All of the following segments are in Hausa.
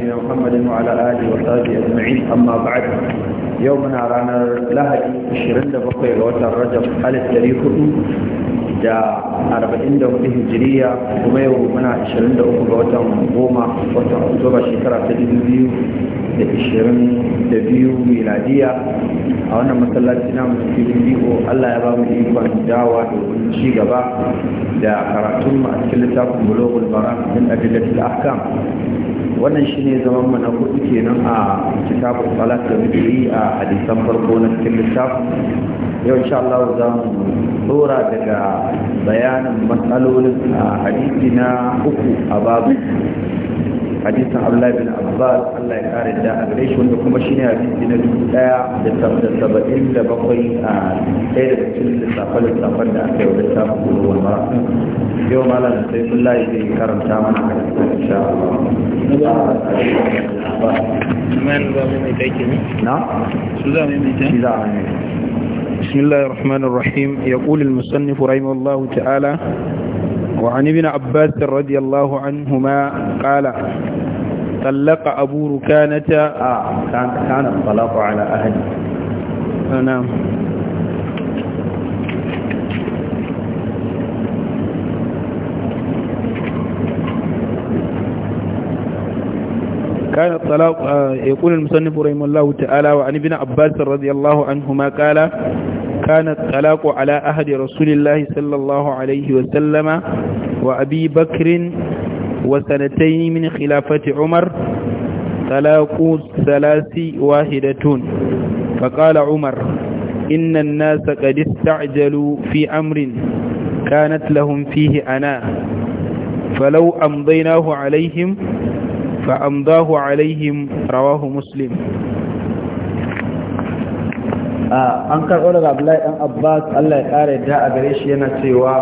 نبينا محمد وعلى آله وصحبه أجمعين أما بعد يومنا رانا لهدي 27 ga watan Rajab alif dari hudu da arba'in da hudu hijiriya kuma yau muna ashirin da uku ga watan goma watan oktoba shekara ta dubu biyu da ashirin da biyu miladiya a wannan masallaci na musulun biyu allah ya ba mu ikon dawa da wani ci gaba da karatun mu a cikin littafin bulogul bara din adilatul ahkam wannan shine zaman mu na hudu kenan a kitabul salat da muke a hadisan farko na cikin littafin yau insha Allah za mu dora daga bayanin matsalolin a hadisi na uku a babu hadisin abdullahi bin abbas allah ya kare da a gare shi wanda kuma shi ne hadisi na dubu daya da saba'in da bakwai a ɗaya da cikin lissafin lissafin da aka yi wajen samun kuma ba yau malam sai sun layi zai karanta mana a cikin insha Allah. Na? Su za mu yi mai بسم الله الرحمن الرحيم يقول المصنف رحمه الله تعالى وعن ابن عباس رضي الله عنهما قال طلق أبو ركانة آه كان الطلاق على أهله نعم كان الطلاق يقول المصنف رحمه الله تعالى وعن ابن عباس رضي الله عنهما قال كان الطلاق على أهد رسول الله صلى الله عليه وسلم وأبي بكر وسنتين من خلافة عمر طلاق ثلاث واحدة فقال عمر إن الناس قد استعجلوا في أمر كانت لهم فيه أنا فلو أمضيناه عليهم فأمضاه عليهم رواه مسلم an karɓo daga abdullahi ɗan abbas allah ya ƙara da a gare shi yana cewa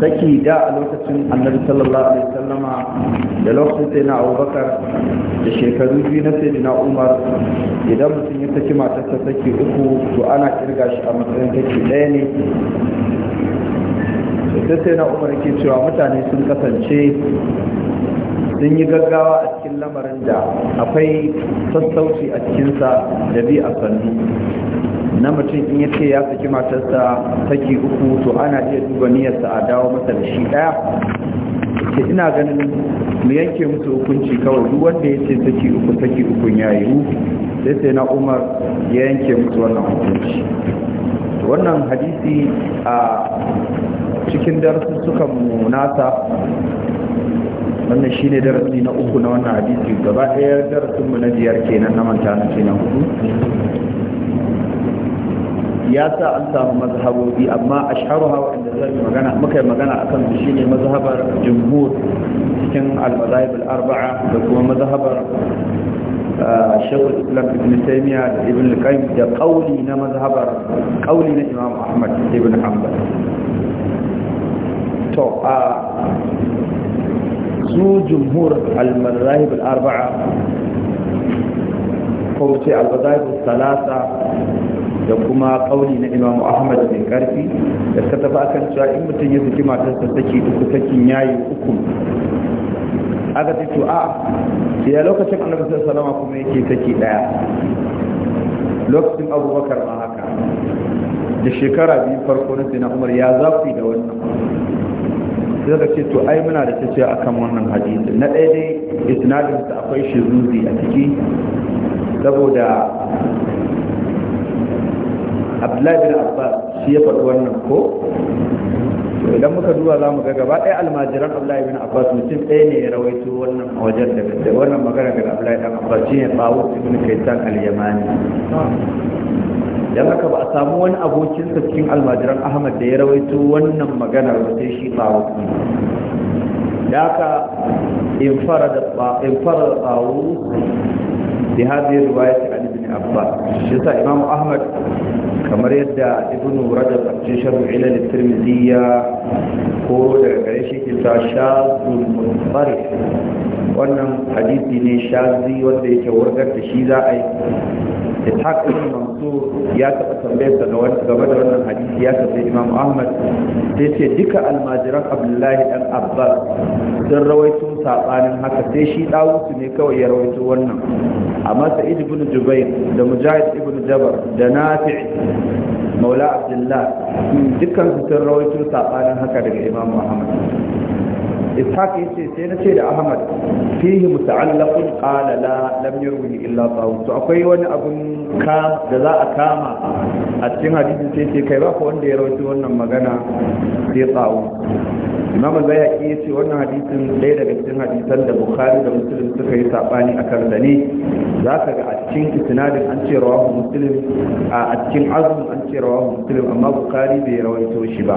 saki da a lokacin annabi sallallahu alaihi wasallama da lokacin sai na abubakar da shekaru biyu na sai na umar idan mutum ya saki matarsa saki uku to ana kirga shi a matsayin saki ɗaya ne sai sai na umar ke cewa mutane sun kasance sun yi gaggawa a cikin lamarin da akwai sassauci a cikinsa da bi a sannu na mutum in ya ce ya saki matarsa saki uku to ana iya duba niyyarsa a dawo masa da shi ɗaya ke ina ganin mu yanke musu hukunci kawai duk wanda ya ce saki uku saki uku ya yiwu sai sai na umar ya yanke musu wannan hukunci wannan hadisi a cikin darasin suka munasa? wannan shine darasi na uku na wannan hadisi gaba ɗaya darasin mu na biyar kenan na manta na kenan hudu ya sa an samu mazhabobi amma a sharuwa waɗanda zai magana muka yi magana a kan shi ne mazhabar jumhur cikin al-mazahib al-arba'a da kuma mazhabar ah, shekul islam ibn taymiya da ibn al-qayyim da kauli na mazhabar kauli na imam ahmad ibn hanbal to a ah, su jumhur al-mazahib arbaa ko ce al salasa da kuma kauli na imam ahmad bin karfi da ta tafi akan cewa in mutum ya saki matarsa saki uku sakin yayi hukum. aka ce to a ya lokacin annabi sallama kuma yake saki daya lokacin abubakar ma haka da shekara biyu farko na sai na umar ya zafi da wannan sai ka ce to ai muna da tafiya akan wannan hadisi na ɗaya dai isnadin da akwai shiruzi a ciki saboda abdullahi bin abbas shi ya faɗi wannan ko to idan muka duba za mu ga gaba ɗaya almajiran abdullahi bin abbas mutum ɗaya ne ya rawaito wannan a wajen da wannan magana ga abdullahi bin abbas shi ne bawo ibn kaitan al-yamani don haka ba a samu wani abokinsa cikin almajiran ahmad da ya rawaito wannan maganar ba sai shi tsawo da haka infara da tsawo da hadin riwaya ta ibn abbas shi sa imam ahmad kamar yadda ibn rajab a cikin sharhu ilal tirmidhi ko daga gare shi ke ta shazul mutsari wannan hadisi ne shazi wanda yake wargar da shi za a yi ishaq ibn mansur ya taɓa tambayar sa game da wannan hadisi ya tafi imam ahmad sai ce duka almajiran abdullahi dan abbas sun rawaito sabanin haka sai shi dawusu ne kawai ya rawaito wannan amma sa'id ibn jubair da mujahid ibn jabar da nafi' maula abdullah dukkan su sun rawaito sabanin haka daga imam ahmad ishaq yace sai na ce da ahmad fihi muta'allaqun qala la lam yurwi illa tawu to akwai wani abun ka da za a kama a cikin hadisin sai ce kai ba ko wanda ya rawaito wannan magana sai tawu imam bayaki ya ce wannan hadisin ɗaya daga cikin hadisan da bukhari da muslim suka yi saɓani a kan ne za ka ga a cikin isnadin an ce rawahu muslim a cikin azumin an ce rawahu muslim amma bukhari bai rawaito shi ba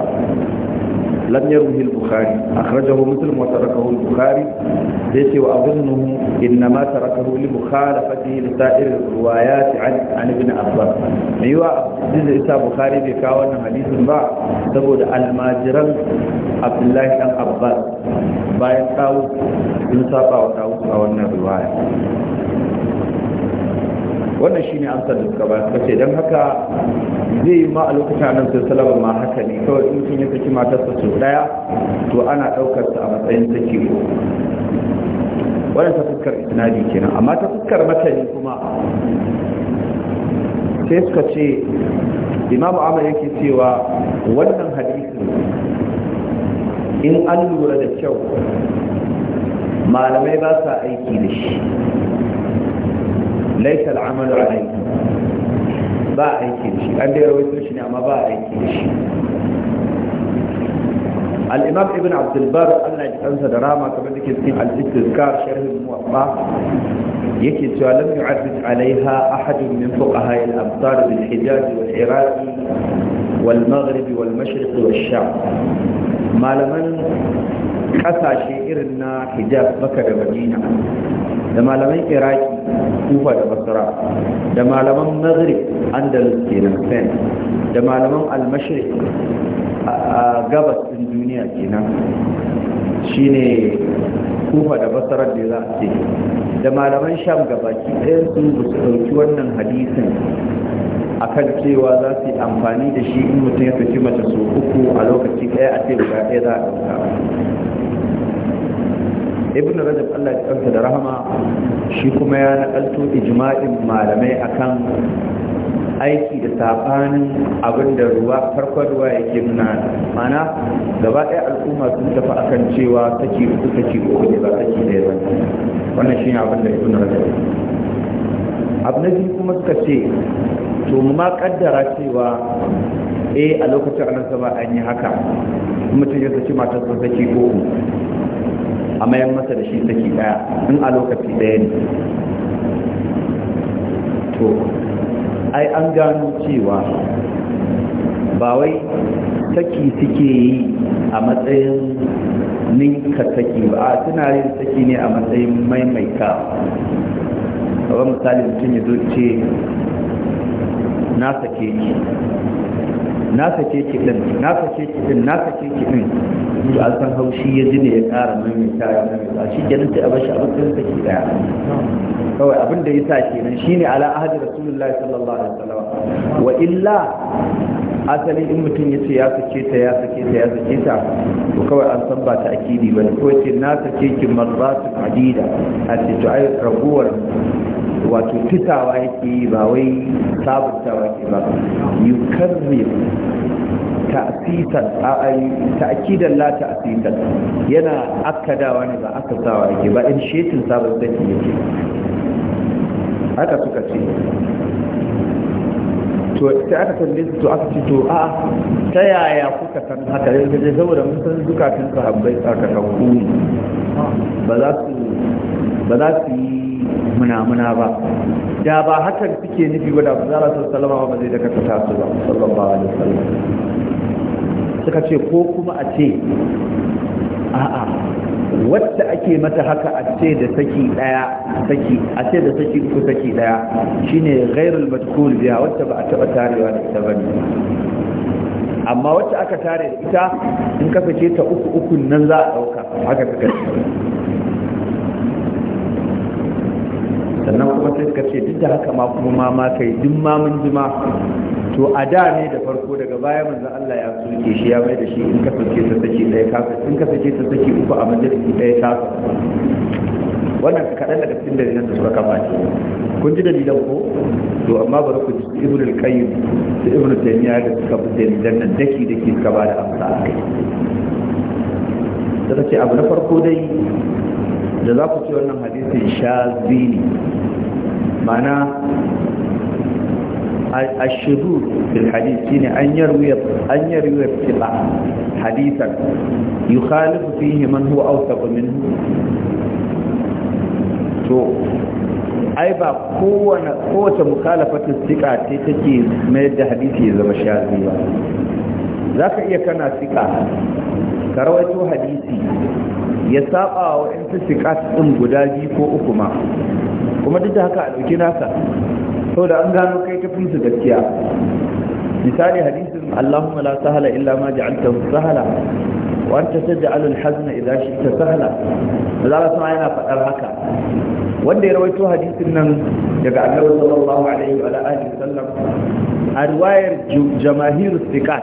lam yarwihi al-bukhari akhrajahu muslim wa tarakahu al-bukhari da wa azunnuhu inna ma tarakahu li mukhalafatihi li sa'ir riwayat an an ibn abbas aywa din isa bukhari bai kawo wannan hadisin ba saboda almajiran abdullahi dan abbas bayan tawo sun saba wa tawo a wannan riwaya wannan shine amsar da suka ba su ce don haka zai yi ma a lokacin annabi sai salama ma haka ne kawai in sun yi saki matarsa sau daya to ana daukar sa a matsayin saki wannan ta fuskar isnadi kenan amma ta fuskar matani kuma sai suka ce imamu amma yake cewa wannan hadisin in an lura da kyau malamai ba sa aiki da shi laisa al'amalu a ba aiki da an da yawaito shi amma ba aiki da shi al'imam ibn abdulbar allah ya kansa da rama kamar da ke cikin al'istiskar yake cewa lam yu'addid alaiha ahadun min fuqaha al-abtar bil hijaz wal iraq wal maghrib wal mashriq wal malaman ƙasashe irin na hijab maka da madina da malaman iraki kufa da basra da malaman maghrib andalus kenan spain da malaman almashri a gabas din duniya kenan shine kufa da basarar da za a ce da malaman sham gabaki ɗayan su ba su ɗauki wannan hadisin akan cewa za su yi amfani da shi in mutum ya tafi mace su uku a lokaci ɗaya a ce guda ɗaya za a ɗauka ibn rajab Allah ya kanta da rahama shi kuma ya nakalto ijma'in malamai akan aiki da sabanin abin da ruwa farkon ruwa yake nuna mana gaba ɗaya al'umma sun tafi akan cewa take uku take uku ne ba take da yawa wannan ne abin da ibn rajab abu na biyu kuma suka ce to mu ma kaddara cewa eh a lokacin annabawa an yi haka mutum ya saki matar sa saki uku a mayan masa da shi saki daya in a lokaci daya ne to ai an gano cewa ba wai saki suke yi a matsayin ninka saki ba a suna yin saki ne a matsayin maimaita kawai misali mutum ya zo ce na sake ki na sake ki din na sake ki din na sake ki din to an san haushi ya ji ne ya ƙara maimaita ya maimaita shi kenan sai a bashi a matsayin sake daya kawai abin da ya sa kenan shine ala ahadi rasulullahi sallallahu alaihi wasallam wa illa asali in mutum ya ce ya sake ta ya sake ta ya sake ta to kawai an san ba ta akidi ba ko ce na sake ki marratun adida a ce to ai raguwar wato fitawa yake yi ba wai sabuntawa ke ba yukarri ta'asisan ta'akidan la ta'asisan yana akkadawa ne ba aka sawa yake ba in shetin sabon zaki yake haka suka ce to sai aka tambaye su to aka ce to a ta yaya kuka san haka yanzu dai saboda mun san zukatun sahabbai tsakakan ku ba za su ba za su yi munamuna ba da ba hakan suke nufi ba da zara su salama ba zai daga ta su ba sallallahu alaihi wasallam suka ce ko kuma a ce a'a wacce ake mata haka a ce da saki daya saki a ce da saki uku saki daya shine ghairul madkhul biya wacce ba a taba tarewa da ita bane amma wacce aka tare da ita in ka fice ta uku uku nan za a dauka haka ka gani sannan kuma sai suka ce duk da haka ma kuma ma ma kai duk ma mun ji ma to a da ne da farko daga baya manzon Allah ya soke shi ya mai da shi in ka soke ta saki ɗaya ka in ka soke ta saki uku a majalisi ɗaya ka wannan kaɗan daga cikin dalilan da suka kamata kun ji dalilan ko to amma bari ku ji ibnu al-qayyim da ibnu taymiya da suka bi dalilan nan daki daki suka ba da amsa a kai da ce abu na farko dai da za ku ce wannan hadisin shazini ne ma'ana الشذوذ في الحديث هنا ne, an أن يروي ابتقاء حديثا يخالف fi من هو أوثق منه to ai ba kowane kowace mukhalafatin sika ce take mayar da hadisi ya zama shazi ba za ka iya kana sika ka rawaito hadisi ya saba wa yan tasikas ɗin guda biyu ko uku ma kuma duk da haka a ɗauki nasa saboda an gano kai ta su gaskiya misali hadisin Allahumma la sahala illa ma ja'altahu sahala wa anta taj'alul hazna idha shi'ta sahala Allah sama yana faɗar haka wanda ya rawaito hadisin nan daga Annabi sallallahu alaihi wa alihi sallam a riwayar jamahirus thiqat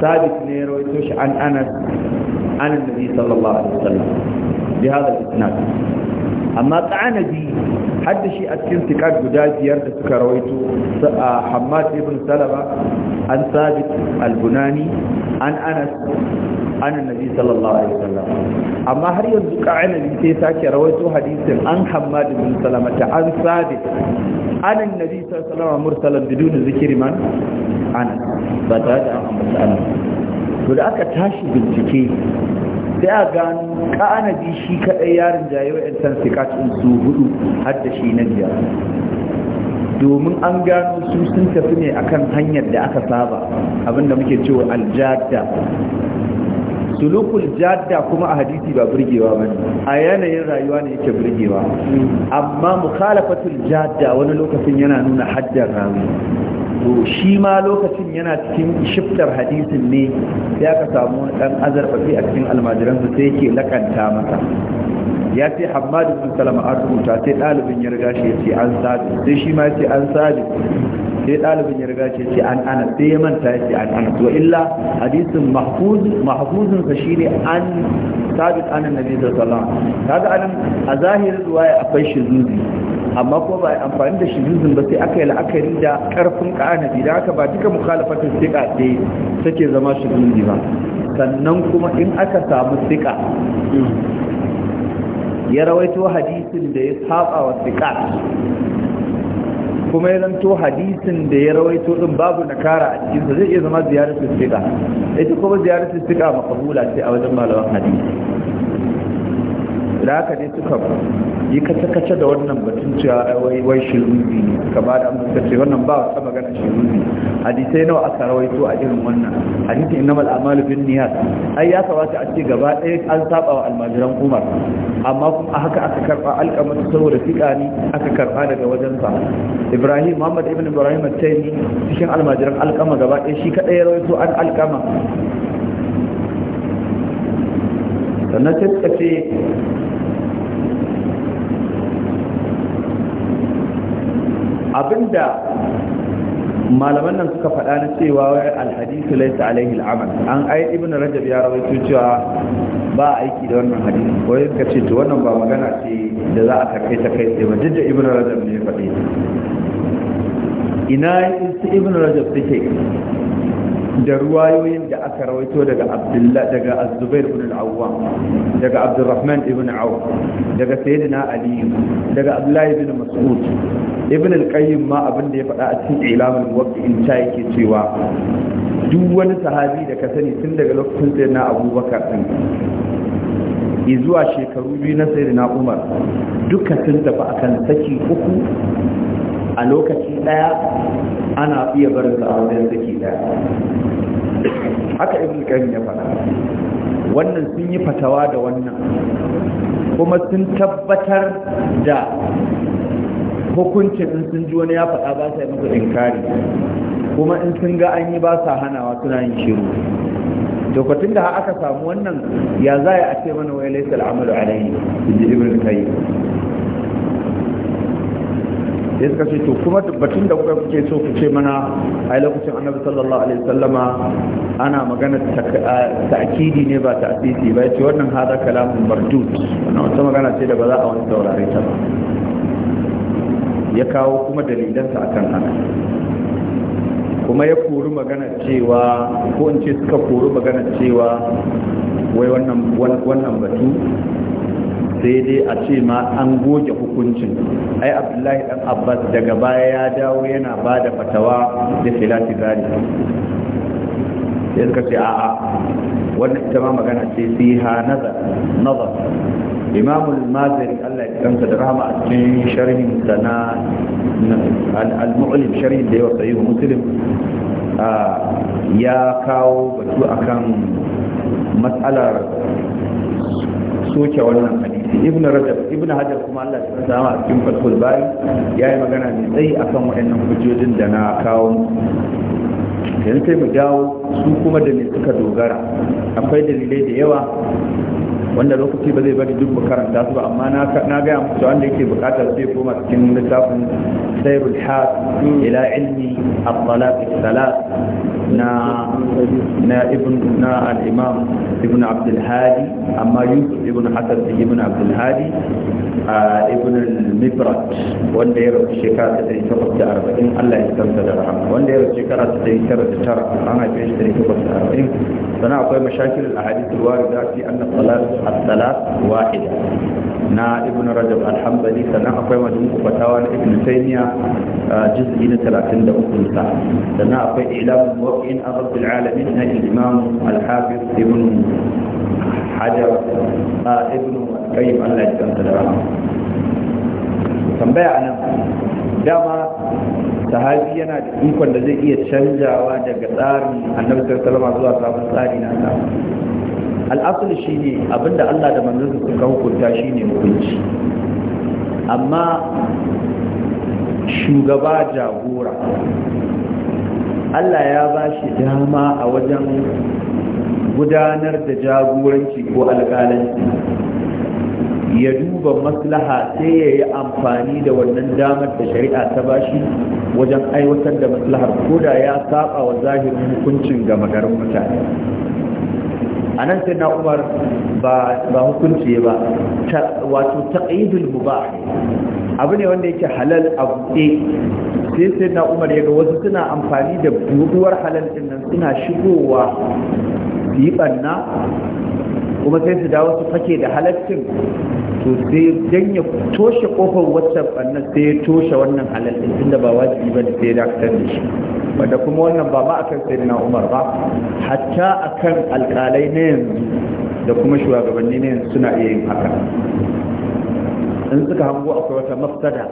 sabit ne ya rawaito shi an Anas عن النبي صلى الله عليه وسلم بهذا الإسناد أما قعنبي حد شيء التنتقاد قداد يرد سكرويته حماد بن سلمة عن ثابت البناني عن أنس عن النبي صلى الله عليه وسلم أما هل ينزق قعنبي تيساك رويته حديث عن حماد بن سلمة عن ثابت عن النبي صلى الله عليه وسلم مرسلا بدون ذكر من أنس فتاجع أمس أنس to da aka tashi bincike sai a gano ka'anabi shi kaɗai yarin jaye wa 'yan tansikacin su hudu har da shi na biyar domin an gano su sun tafi ne akan hanyar da aka saba abinda muke cewa aljada sulukul jadda kuma a hadisi ba burgewa bane a yanayin rayuwa ne yake burgewa amma mukhalafatul jadda wani lokacin yana nuna haddar ramu to shi ma lokacin yana cikin shiftar hadisin ne ya ka samu wani dan azarfafi a cikin almajiransu sai yake lakanta masa ya ce hamadu bin salama an rubuta sai ɗalibin ya riga shi ya ce an sabi sai shi ma ya ce an sabi sai ɗalibin ya riga shi ya ce an ana sai ya manta ya ce an ana to illa hadisin mahfuzin sa shine an sabi anan nabi sallallahu alaihi wasallam kaga anan a zahirin ruwaya akwai zuzi. amma ko ba amfani da shizuzin ba sai aka yi la'akari da karfin ƙanabi da haka ba duka mukhalafatin siƙa ce take zama shizuzi ba sannan kuma in aka samu siƙa ya rawaito hadisin da ya saba wa siƙa kuma ya zanto hadisin da ya rawaito ɗin babu na kara a cikinsa zai iya zama ziyarar siƙa ita kuma ziyarar siƙa makabula sai a wajen malaman hadisi da haka ne suka yi kace-kace da wannan batun cewa wai wai shiruzi ne ba da suka ce wannan ba wata magana shiruzi hadisai nawa aka rawaito a irin wannan inna mal a'malu bin niyyat ai ya kamata a ce gaba ɗaya an saba wa almajiran Umar amma kuma haka aka karba ta saboda fika ne aka karba daga wajen sa Ibrahim Muhammad ibn Ibrahim al taymi cikin almajiran alƙama gaba ɗaya shi kadai ya rawaito an alƙama sannan sai suka ce abinda malaman nan suka faɗa na cewa wai alhadisu laysa alaihi al'amal an ai ibnu rajab ya rawaito cewa ba aiki da wannan hadisi ko suka ce to wannan ba magana ce da za a karɓe ta kai tsaye ba duk da ibnu rajab ne ya faɗe ina ibnu rajab take da ruwayoyin da aka rawaito daga abdullah daga az-zubair ibn al-awwam daga abdurrahman ibn awf daga sayyidina ali daga abdullah ibn mas'ud ibn al-qayyim ma abin da ya faɗa a cikin ilamul muwaqqi'in ta yake cewa duk wani sahabi da ka sani tun daga lokacin sayyidina abubakar din zuwa shekaru biyu na sayyidina umar duka sun tafi akan saki uku a lokaci daya ana iya barin sa a wajen saki daya haka ibn qayyim ya faɗa wannan sun yi fatawa da wannan kuma sun tabbatar da hukuncin in sun ji wani ya faɗa ba sa yi inkari kuma in sun ga an yi ba sa hanawa suna yin shiru lokacin da aka samu wannan ya za a ce mana wai laisa al'amalu alayhi in ji ibn qayyim da suka ce to kuma batun da kuka kuke so ku ce mana a lokacin annabi sallallahu alaihi wasallama ana magana ta'kidi ne ba ta'sisi ba yace wannan hada kalamun bardut wannan wata magana ce da ba za a wani saurare ta ba ya kawo kuma dalilansa akan haka kuma ya kori magana cewa ko in ce suka kori magana cewa wai wannan batu sai dai a ce ma an goge hukuncin ai abdullahi dan abbas daga baya ya dawo yana ba da fatawa da filati zari sai suka ce a'a wannan ita ma magana ce ha nazar nazar imam al-maziri Allah ya kanta da rahama a cikin sharhin da na al-mu'lim sharhin da yawa sahihu muslim ya kawo batu akan matsalar soke wannan hadisi ibn rajab ibn hajar kuma Allah ya sa a cikin fatul bari yayi magana mai tsayi akan waɗannan hujjojin da na kawo yanzu sai mu dawo su kuma da ne suka dogara akwai dalilai da yawa wanda lokaci ba zai bari duk karanta su ba amma na gaya muku wanda yake bukatar zai koma cikin littafin sairul has ila ilmi at-talaq salat na na ibn na al-imam ibn abd al-hadi amma yusuf ibn hasan ibn abd al-hadi ibn al-mibrat wanda ya rabu shekara ta arba'in Allah ya tsanta da rahama wanda ya rabu shekara ta 1909 an haife shi 1940 sana akwai mashakil al-ahadith al-warida fi anna salat الثلاث واحدة نا ابن رجب الحنبلي سنا أقوى مجموع فتاوى ابن تيمية جزء من ثلاثين دقيقة ساعة سنا أقوى إعلام الموقعين رب العالمين الإمام الحافظ ابن حجر ابن قيم الله يجزاه tambaya anan dama sahabi yana da ikon da zai iya canjawa daga tsarin annabi sallallahu alaihi wasallam zuwa sabon tsari na Allah al'asali shi ne abinda Allah da manzansa suka hukunta shi ne hukunci amma shugaba jagora Allah ya ba shi dama a wajen gudanar da jagoranci ko alƙalanci ya duba maslaha sai ya yi amfani da wannan damar da shari'a ta bashi wajen aiwatar da maslahar koda ya saba wa zahirin hukuncin gama garin mutane a nan sai na umar ba hukunci ba wato taƙidul mubah abu ne wanda yake halal a buɗe sai sai na umar ya ga wasu suna amfani da buɗuwar halal ɗin nan suna shigowa yi ɓanna kuma sai su dawo su fake da halaccin to sai dan ya toshe kofar wacce ɓannan sai ya toshe wannan halal ɗin tunda ba wajibi ba da sai ya dakatar da shi da kuma wannan ba ma akan na Umar ba hatta akan alƙalai ne yanzu da kuma shugabanni ne suna iya yin haka in suka hango akwai wata mafsada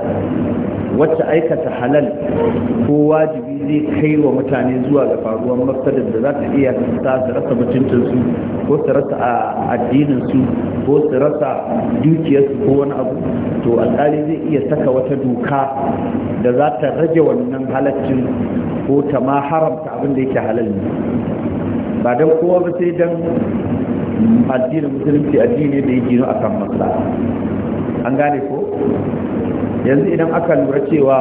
wacce aikata halal ko wajibi zai kai wa mutane zuwa ga faruwar mafsada da za ta iya sa su rasa ko su rasa addininsu ko su dukiyarsu ko wani abu to alƙali zai iya saka wata doka da za ta rage wannan halaccin ko ta ma haramta abin da yake halal ne ba don kowa ba sai don addinin musulunci addini da ya gino akan masa an gane ko yanzu idan aka lura cewa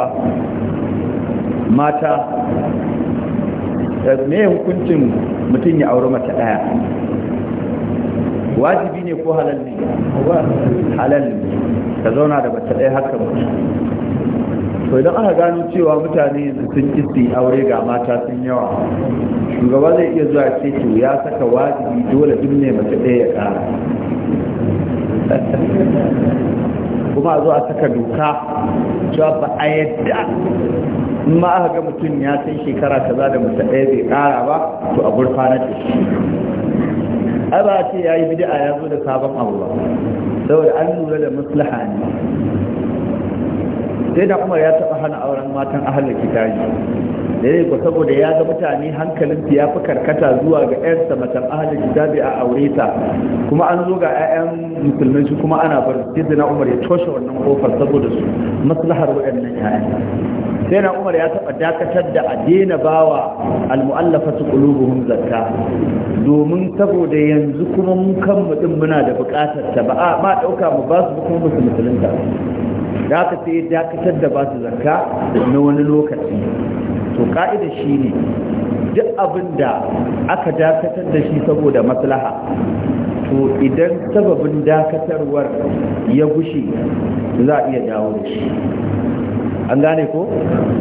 mata eh, me hukuncin mutum ya auri mata daya wajibi ne ko halal ne halal ne ka zauna da mata daya haka mutu to idan aka gano cewa mutane sun kisi aure ga mata sun yawa shugaba zai iya zuwa ce to ya saka wajibi dole duk ne mace daya ya kara kuma a saka doka cewa ba a yadda ma aka ga mutum ya san shekara kaza da mutum ɗaya bai ƙara ba to a gurfanar da shi ba ce ya yi bid'a ya zo da sabon abu ba saboda an lura da maslaha ne sai da umar ya taɓa hana auren matan ahalar kitabi da zai saboda ya ga mutane hankalin ya fi karkata zuwa ga 'yarsa macen ahli kitabi a aure ta kuma an zo ga 'ya'yan musulmai su kuma ana bar sai na umar ya toshe wannan kofar saboda su maslahar waɗannan 'ya'yan sai na umar ya taɓa dakatar da a daina bawa almu'allafa su qulubuhum zakka domin saboda yanzu kuma mun kan mutum muna da buƙatar ta ba a ɗauka mu ba su kuma musu musulunta da aka sai dakatar da ba su zakka na wani lokaci to ka'ida shi ne duk abin da aka dakatar da shi saboda maslaha to idan sababin dakatarwar ya gushe za a iya dawo da shi an gane ko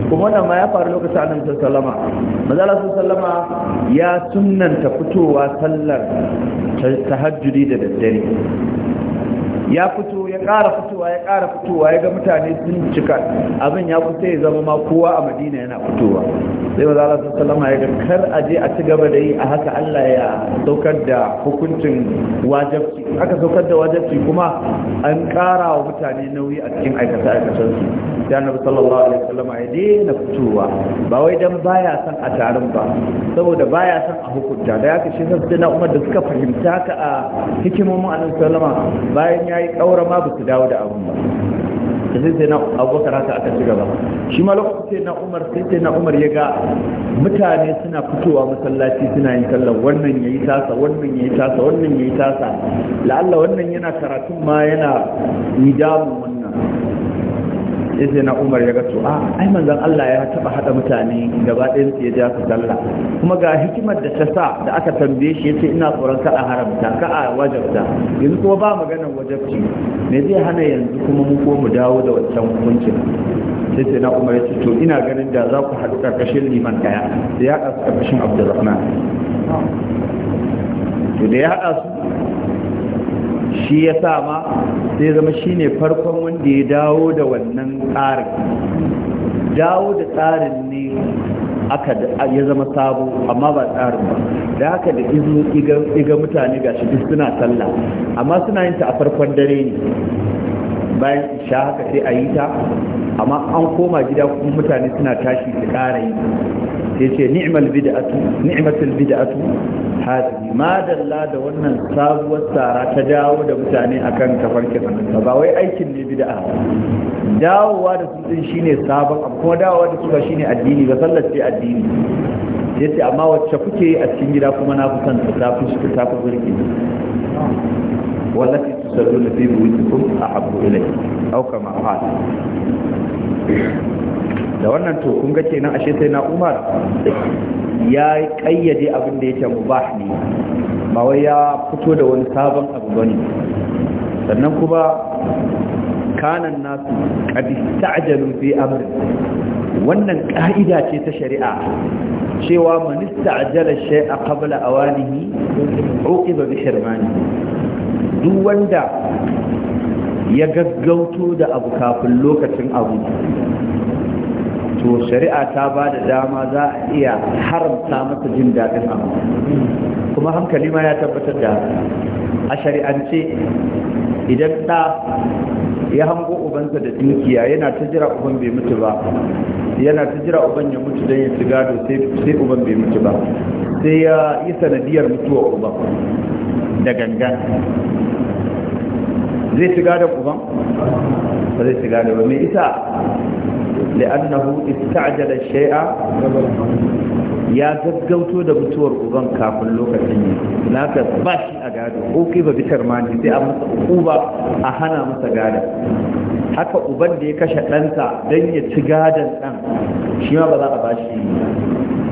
kuma wannan ma ya faru lokacin annabi sallama manzala sallama ya sunnanta fitowa sallar tahajjudi da daddare ya fito ya ƙara fitowa ya ƙara fitowa ya ga mutane sun cika abin ya fito ya zama ma kowa a madina yana fitowa sai maza Allah sallama ya ga kar a je a ci gaba da yi a haka Allah ya saukar da hukuncin wajabci aka saukar da wajabci kuma an ƙara wa mutane nauyi a cikin aikata aikatar su ya nabi sallallahu alaihi wasallama ya daina fitowa ba wai dan baya san a taron ba saboda baya san a hukunta da ya kashe sai na Umar da suka fahimta ka a hikimomin Annabi sallama bayan ya ya yi ƙaura ma ba su dawo da abin ba da sai sai na abubakar haka aka ci gaba shi ma lokacin sai na umar sai sai na umar ya ga mutane suna fitowa masallaci suna yin sallar wannan ya yi tasa wannan ya yi tasa wannan ya yi tasa la'alla wannan yana karatun ma yana nidamun wannan ya sai na umar ya gato a ah, ai manzan Allah ya taba hada mutane gaba ɗaya su ya ja su sallah kuma ga hikimar da ta sa da aka tambaye shi ya ce ina tsoron ka a haramta ka a wajabta yanzu kuma ba maganar wajabci me zai hana yanzu kuma mu ko mu dawo da wancan hukuncin sai sai na umar ya ce to ina ganin da za ku haɗu ƙarƙashin liman ɗaya da ya haɗa su ƙarƙashin abdulrahman to da ya haɗa su shi ya sa ma sai zama shine farkon wanda ya dawo da wannan tsarin dawo da tsarin ne aka ya zama sabo amma ba tsarin ba da haka da izu iga mutane ga shi suna sallah amma suna yin ta a farkon dare ne bayan sha haka sai a yi ta amma an koma gida kuma mutane suna tashi su ƙara yi sai ce ni'mal bid'atu ni'matul bid'atu hadi ma dalla da wannan sabuwar tsara ta dawo da mutane akan kafar annabta ba wai aikin ne bid'a dawowa da su din shine sabon abu kuma dawowa da su ba shine addini ba sallar ce addini sai ce amma wacce kuke a cikin gida kuma na kusan ta fi ta fi zurgi wallafi tusalluna fi buyutikum ahabbu ilayhi aw kama qala da wannan to kun ga kenan ashe sai na umar ya kayyade abin da yake mubah ne ba wai ya fito da wani sabon abu bane sannan kuma kanan nasu qad ista'jalu fi amrin wannan ka'ida ce ta shari'a cewa man ista'jala shay'a qabla awanihi uqiba bi shirmani duk wanda ya gaggauto da abu kafin lokacin abu to shari'a ta ba da dama za a iya haramta masa jin daɗin amma, kuma hankali ma ya tabbatar da a shari'ance idan ɗa ya hango ubansa da dukiya yana ta jira uban bai mutu ba yana ta jira uban ya mutu don ya ci gado sai uban bai mutu ba sai ya yi sanadiyar mutuwa uban da gangan zai ci gado uban ba zai ci gado ba mai isa li'annahu ista'jala shai'a ya gaggauto da mutuwar uban kafin lokacin yi naka ba shi a gado ko kai ba bitar mani sai a masa uba a hana masa gado haka uban da ya kashe ɗansa don ya ci gadon ɗan shi ma ba za a ba shi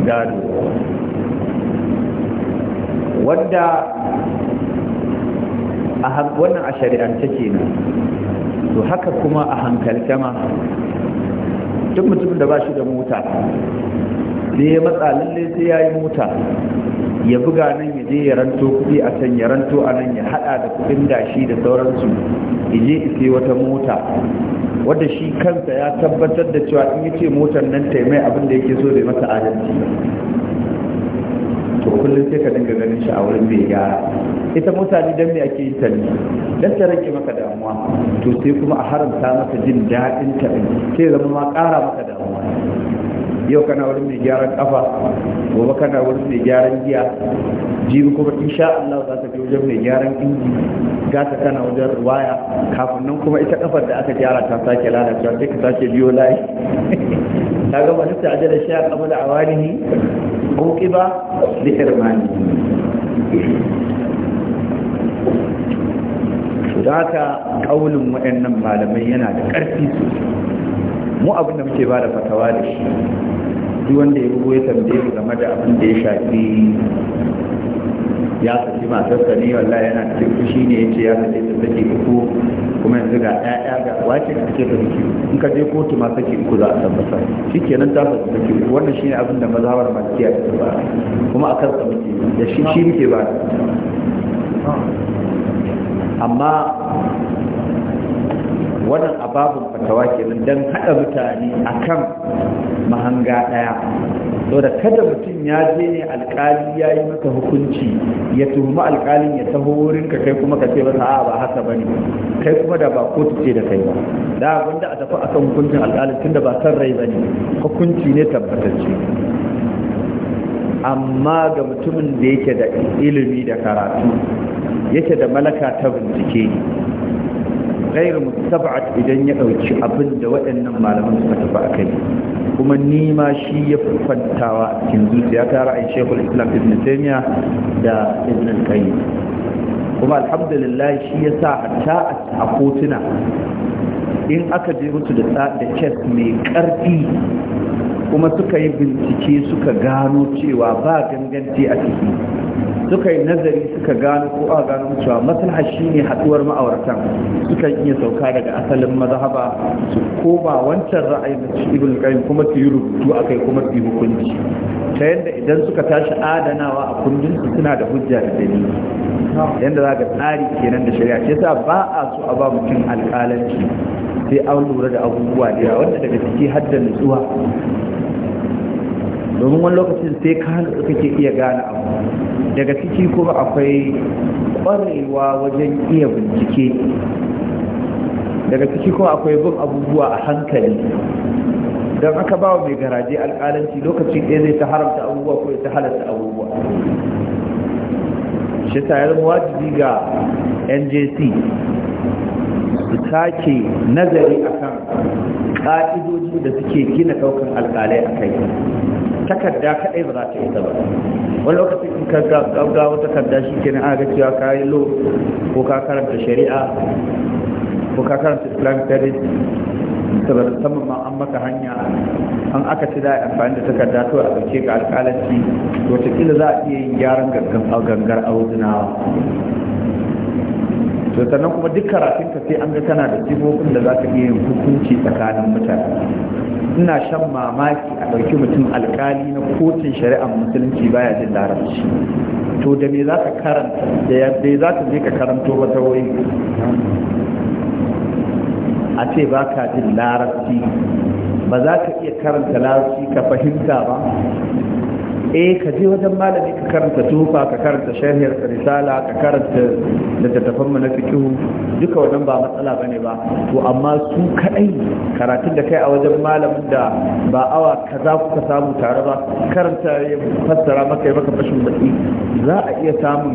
gado wanda wannan a shari'ance kenan to haka kuma a hankali ma duk mutumin da ba shi da mota sai ya matsa lalle sai ya yi mota ya buga nan ya je ya ranto kuɗi a can ya ranto a nan ya haɗa da kuɗin dashi da sauransu ya je ise wata mota wadda shi kansa ya tabbatar da cewa in ya ce motar nan taimai abin da yake so bai masa adalci to kullum sai ka dinga ganin shi a wurin bai gyara ita mutane dan me ake yin ta ne dan ta rage maka damuwa to sai kuma a haramta maka jin daɗin ta sai zama ma ƙara maka damuwa yau kana wurin mai gyaran kafa gobe kana wurin mai gyaran giya jibi kuma insha Allah za ka wajen mai gyaran inji gata kana wajen waya. kafin nan kuma ita kafar da aka gyara ta sake lalata, sai ka sake biyo layi ta gaba ta ajala shi a kama da awanihi ko kiba da irmani da haka ƙaunin waɗannan malamai yana da ƙarfi sosai mu abin da muke ba da fatawa da shi duk wanda ya bugo ya tambaye mu game da abin da ya shafi ya saki matarsa ne wallahi yana cikin fushi ne yace ya saki, ta saki uku kuma yanzu ga ɗaya ga wace ka sake da saki in ka je kotu ma saki uku za a tabbata shikenan ta saki saki uku wannan shine abin da mazawar malikiya ta ba kuma akan ka muke da shi shi muke ba amma wannan ababun fatawa kenan don haɗa mutane akan mahanga ɗaya so kada mutum ya je ne alƙali ya yi maka hukunci ya tuhumi alƙalin ya taho wurin ka kai kuma ka ce masa a ba haka ba ne kai kuma da ba kotu ce da kai ba da wanda a tafi akan hukuncin alƙalin tunda ba san rai ba ne hukunci ne tabbatacce amma ga mutumin da yake da ilimi da karatu yake da malaka ta bincike ghairu mutaba'at idan ya dauki abin da waɗannan malaman suka tafi a kai kuma ni ma shi ya fantawa a cikin zuciya ta ra'ayin shekul islam ibn taymiya da ibn qayyim kuma alhamdulillah shi ya sa hatta a kotuna in aka je mutu da chess mai karfi kuma suka yi bincike suka gano cewa ba ganganci a ciki suka yi nazari suka gano ko a gano cewa maslaha shine haɗuwar ma'auratan suka iya sauka daga asalin mazhaba su koma wancan ra'ayin da shi ibn qayyim kuma su yi rubutu akai kuma su yi hukunci ta yadda idan suka tashi adanawa a kundin su suna da hujja da dalili yadda za ka tsari kenan da shari'a shi sa ba a so a ba mutum alƙalanci sai an lura da abubuwa da yawa wanda daga ciki hadda nutsuwa domin wani lokacin sai ka hannu kake iya gane abu daga ciki kuma akwai ƙwarewa wajen iya bincike daga ciki kuma akwai bin abubuwa a hankali don aka ba wa mai garaje alƙalanci lokacin ɗaya zai ta haramta abubuwa ko ta halatta abubuwa shi ta yi wajibi ga njc su sake nazari akan ƙa'idoji da suke gina ɗaukar alƙalai a kai takarda kaɗai ba za ta yi ba wani lokaci in ka wata takarda shi ke a ga cewa ka yi lo ko ka karanta shari'a ko ka karanta islamic saboda musamman ma an maka hanya an aka ci da amfani da takarda to a ɗauke ga alƙalanci wataƙila za a iya yin gyaran gangar auzunawa to sannan kuma duk karatun ka sai an ga kana da sifofin da zaka iya yin hukunci tsakanin mutane ina shan mamaki a ɗauki mutum alkali na kotun shari'ar musulunci baya jin larabci to da me za ka karanta da yadda za ka je ka karanto wata wuri a ce ba ka jin larabci ba za ka iya karanta larabci ka fahimta ba eh ka je wajen malami ka karanta tufa ka karanta shahiyar risala ka karanta littattafan mu na fikihu duka wannan ba matsala bane ba to amma su kadai karatun da kai a wajen malamin da ba awa kaza kuka samu tare ba karanta ya fassara maka ya maka fashin baki za a iya samun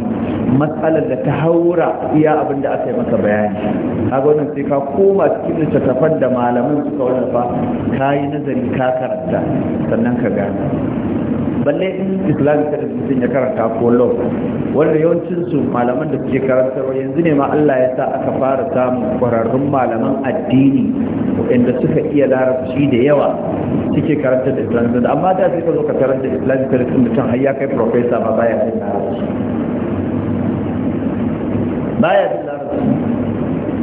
matsalar da ta haura iya abin da aka yi maka bayani kaga wannan sai ka koma cikin littattafan da malaman suka wallafa ka yi nazari ka karanta sannan ka gane balle in islamic studies mutum ya karanta ko law wanda yawancin su malaman da suke karantarwa yanzu ne ma Allah ya sa aka fara samun kwararrun malaman addini inda suka iya larabci da yawa suke karanta da islamic da amma da sai ka zo ka karanta islamic studies mutum har ya kai professor ma baya da larabci baya da larabci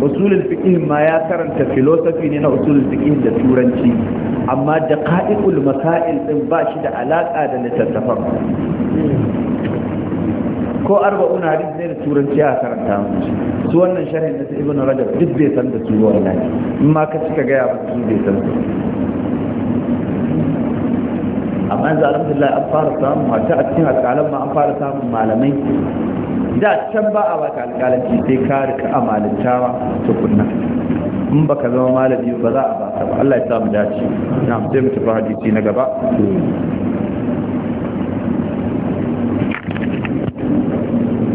usulul fiqh ma ya karanta philosophy ne na usulul fiqh da turanci amma da ka'ikul masail ɗin ba shi da alaƙa da littattafan ko arba'un hadis ne da turanci a karanta su wannan sharhin na ibn rajab duk bai san da su wallahi in ma ka cika gaya ba su bai san amma yanzu alhamdulillah an fara samun mata a cikin alƙalan ma an fara samun malamai da can ba a baka alƙalanci sai ka rika amalantawa tukunna in baka zama malami ba za a baka ba Allah ya sa mu dace na sai mu tafi hadisi na gaba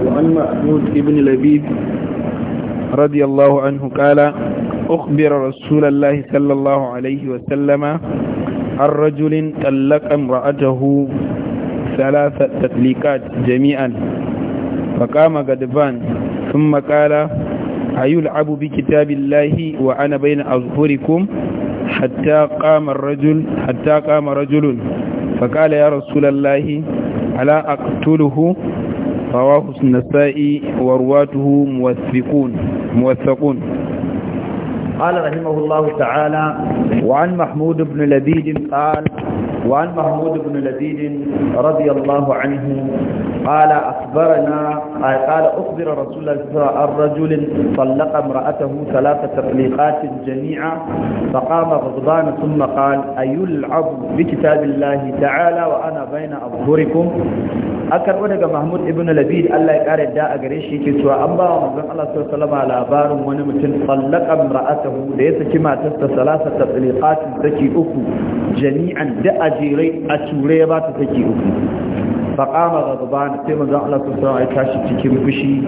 وعن محمود بن لبيب رضي الله عنه قال أخبر رسول الله صلى الله عليه وسلم عن رجل طلق امرأته ثلاث تطليقات جميعا فقام غضبان ثم قال hayul abu bi kitabillahi wa ana bayna azhurikum hatta qama ar-rajul hatta qama rajulun fa qala ya rasulallahi ala aqtuluhu rawahu an-nasa'i wa rawatuhu muwaththiqun muwaththiqun قال رحمه الله تعالى وعن محمود بن قال أخبر رسول الله صلى الله عليه وسلم رجل طلق امرأته ثلاثة تطليقات جميعا فقام غضبان ثم قال أيلعب بكتاب الله تعالى وأنا بين أظهركم akan wani mahmud ibn labid allah ya kare da a gare shi ke cewa an ba wa manzon allah sallallahu labarin wani mutum sallaka ra'atahu da ya saki matar ta salasa ta saki uku jami'an da ajirai a ture ya ba ta saki uku faqama ghadban sai manzon allah sallallahu alaihi wasallam ya cikin fushi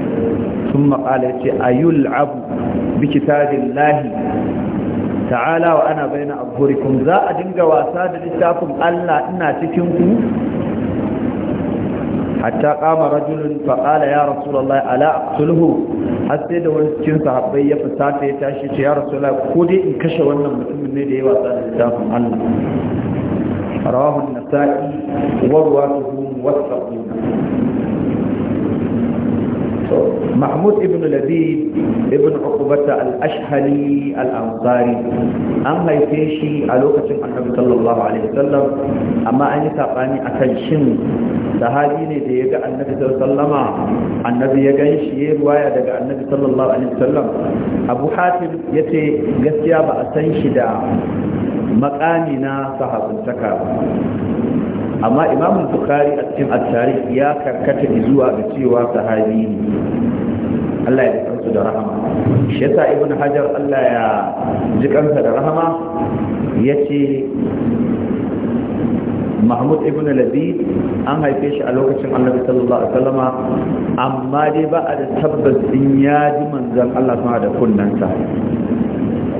sun maƙala ya ce a yul'abu bi kitabin lahi ta'ala wa ana bayyana abhurikum za a dinga wasa da littafin Allah ina cikin ku hatta kama rajulun fa ya rasulullahi ala sulhu har sai da wani cikin sahabbai ya fusata ya tashi ce ya rasulullahi ko dai in kashe wannan mutumin ne da ya wasa da littafin Allah rawahu an-nasa'i wa ruwatuhu wasaquna mahmud ibn labib ibn ukubata al-ashhali al-ansari an haife shi a lokacin annabi sallallahu alaihi wasallam amma an yi sabani akan shin sahabi ne da ya ga annabi sallallahu annabi ya gan shi ya ruwaya daga annabi sallallahu alaihi wasallam abu hatim yace gaskiya ba a san shi da makami na sahabuntaka amma imam bukhari a cikin at ya karkata zuwa ga cewa sahabi ne Allah ya kansu da rahama shi yasa ibn hajar Allah ya ji kansa da rahama yace mahmud ibn labi an haife shi a lokacin annabi sallallahu alaihi wasallama amma dai ba a da tabbas din ya ji manzon Allah sama da kunnansa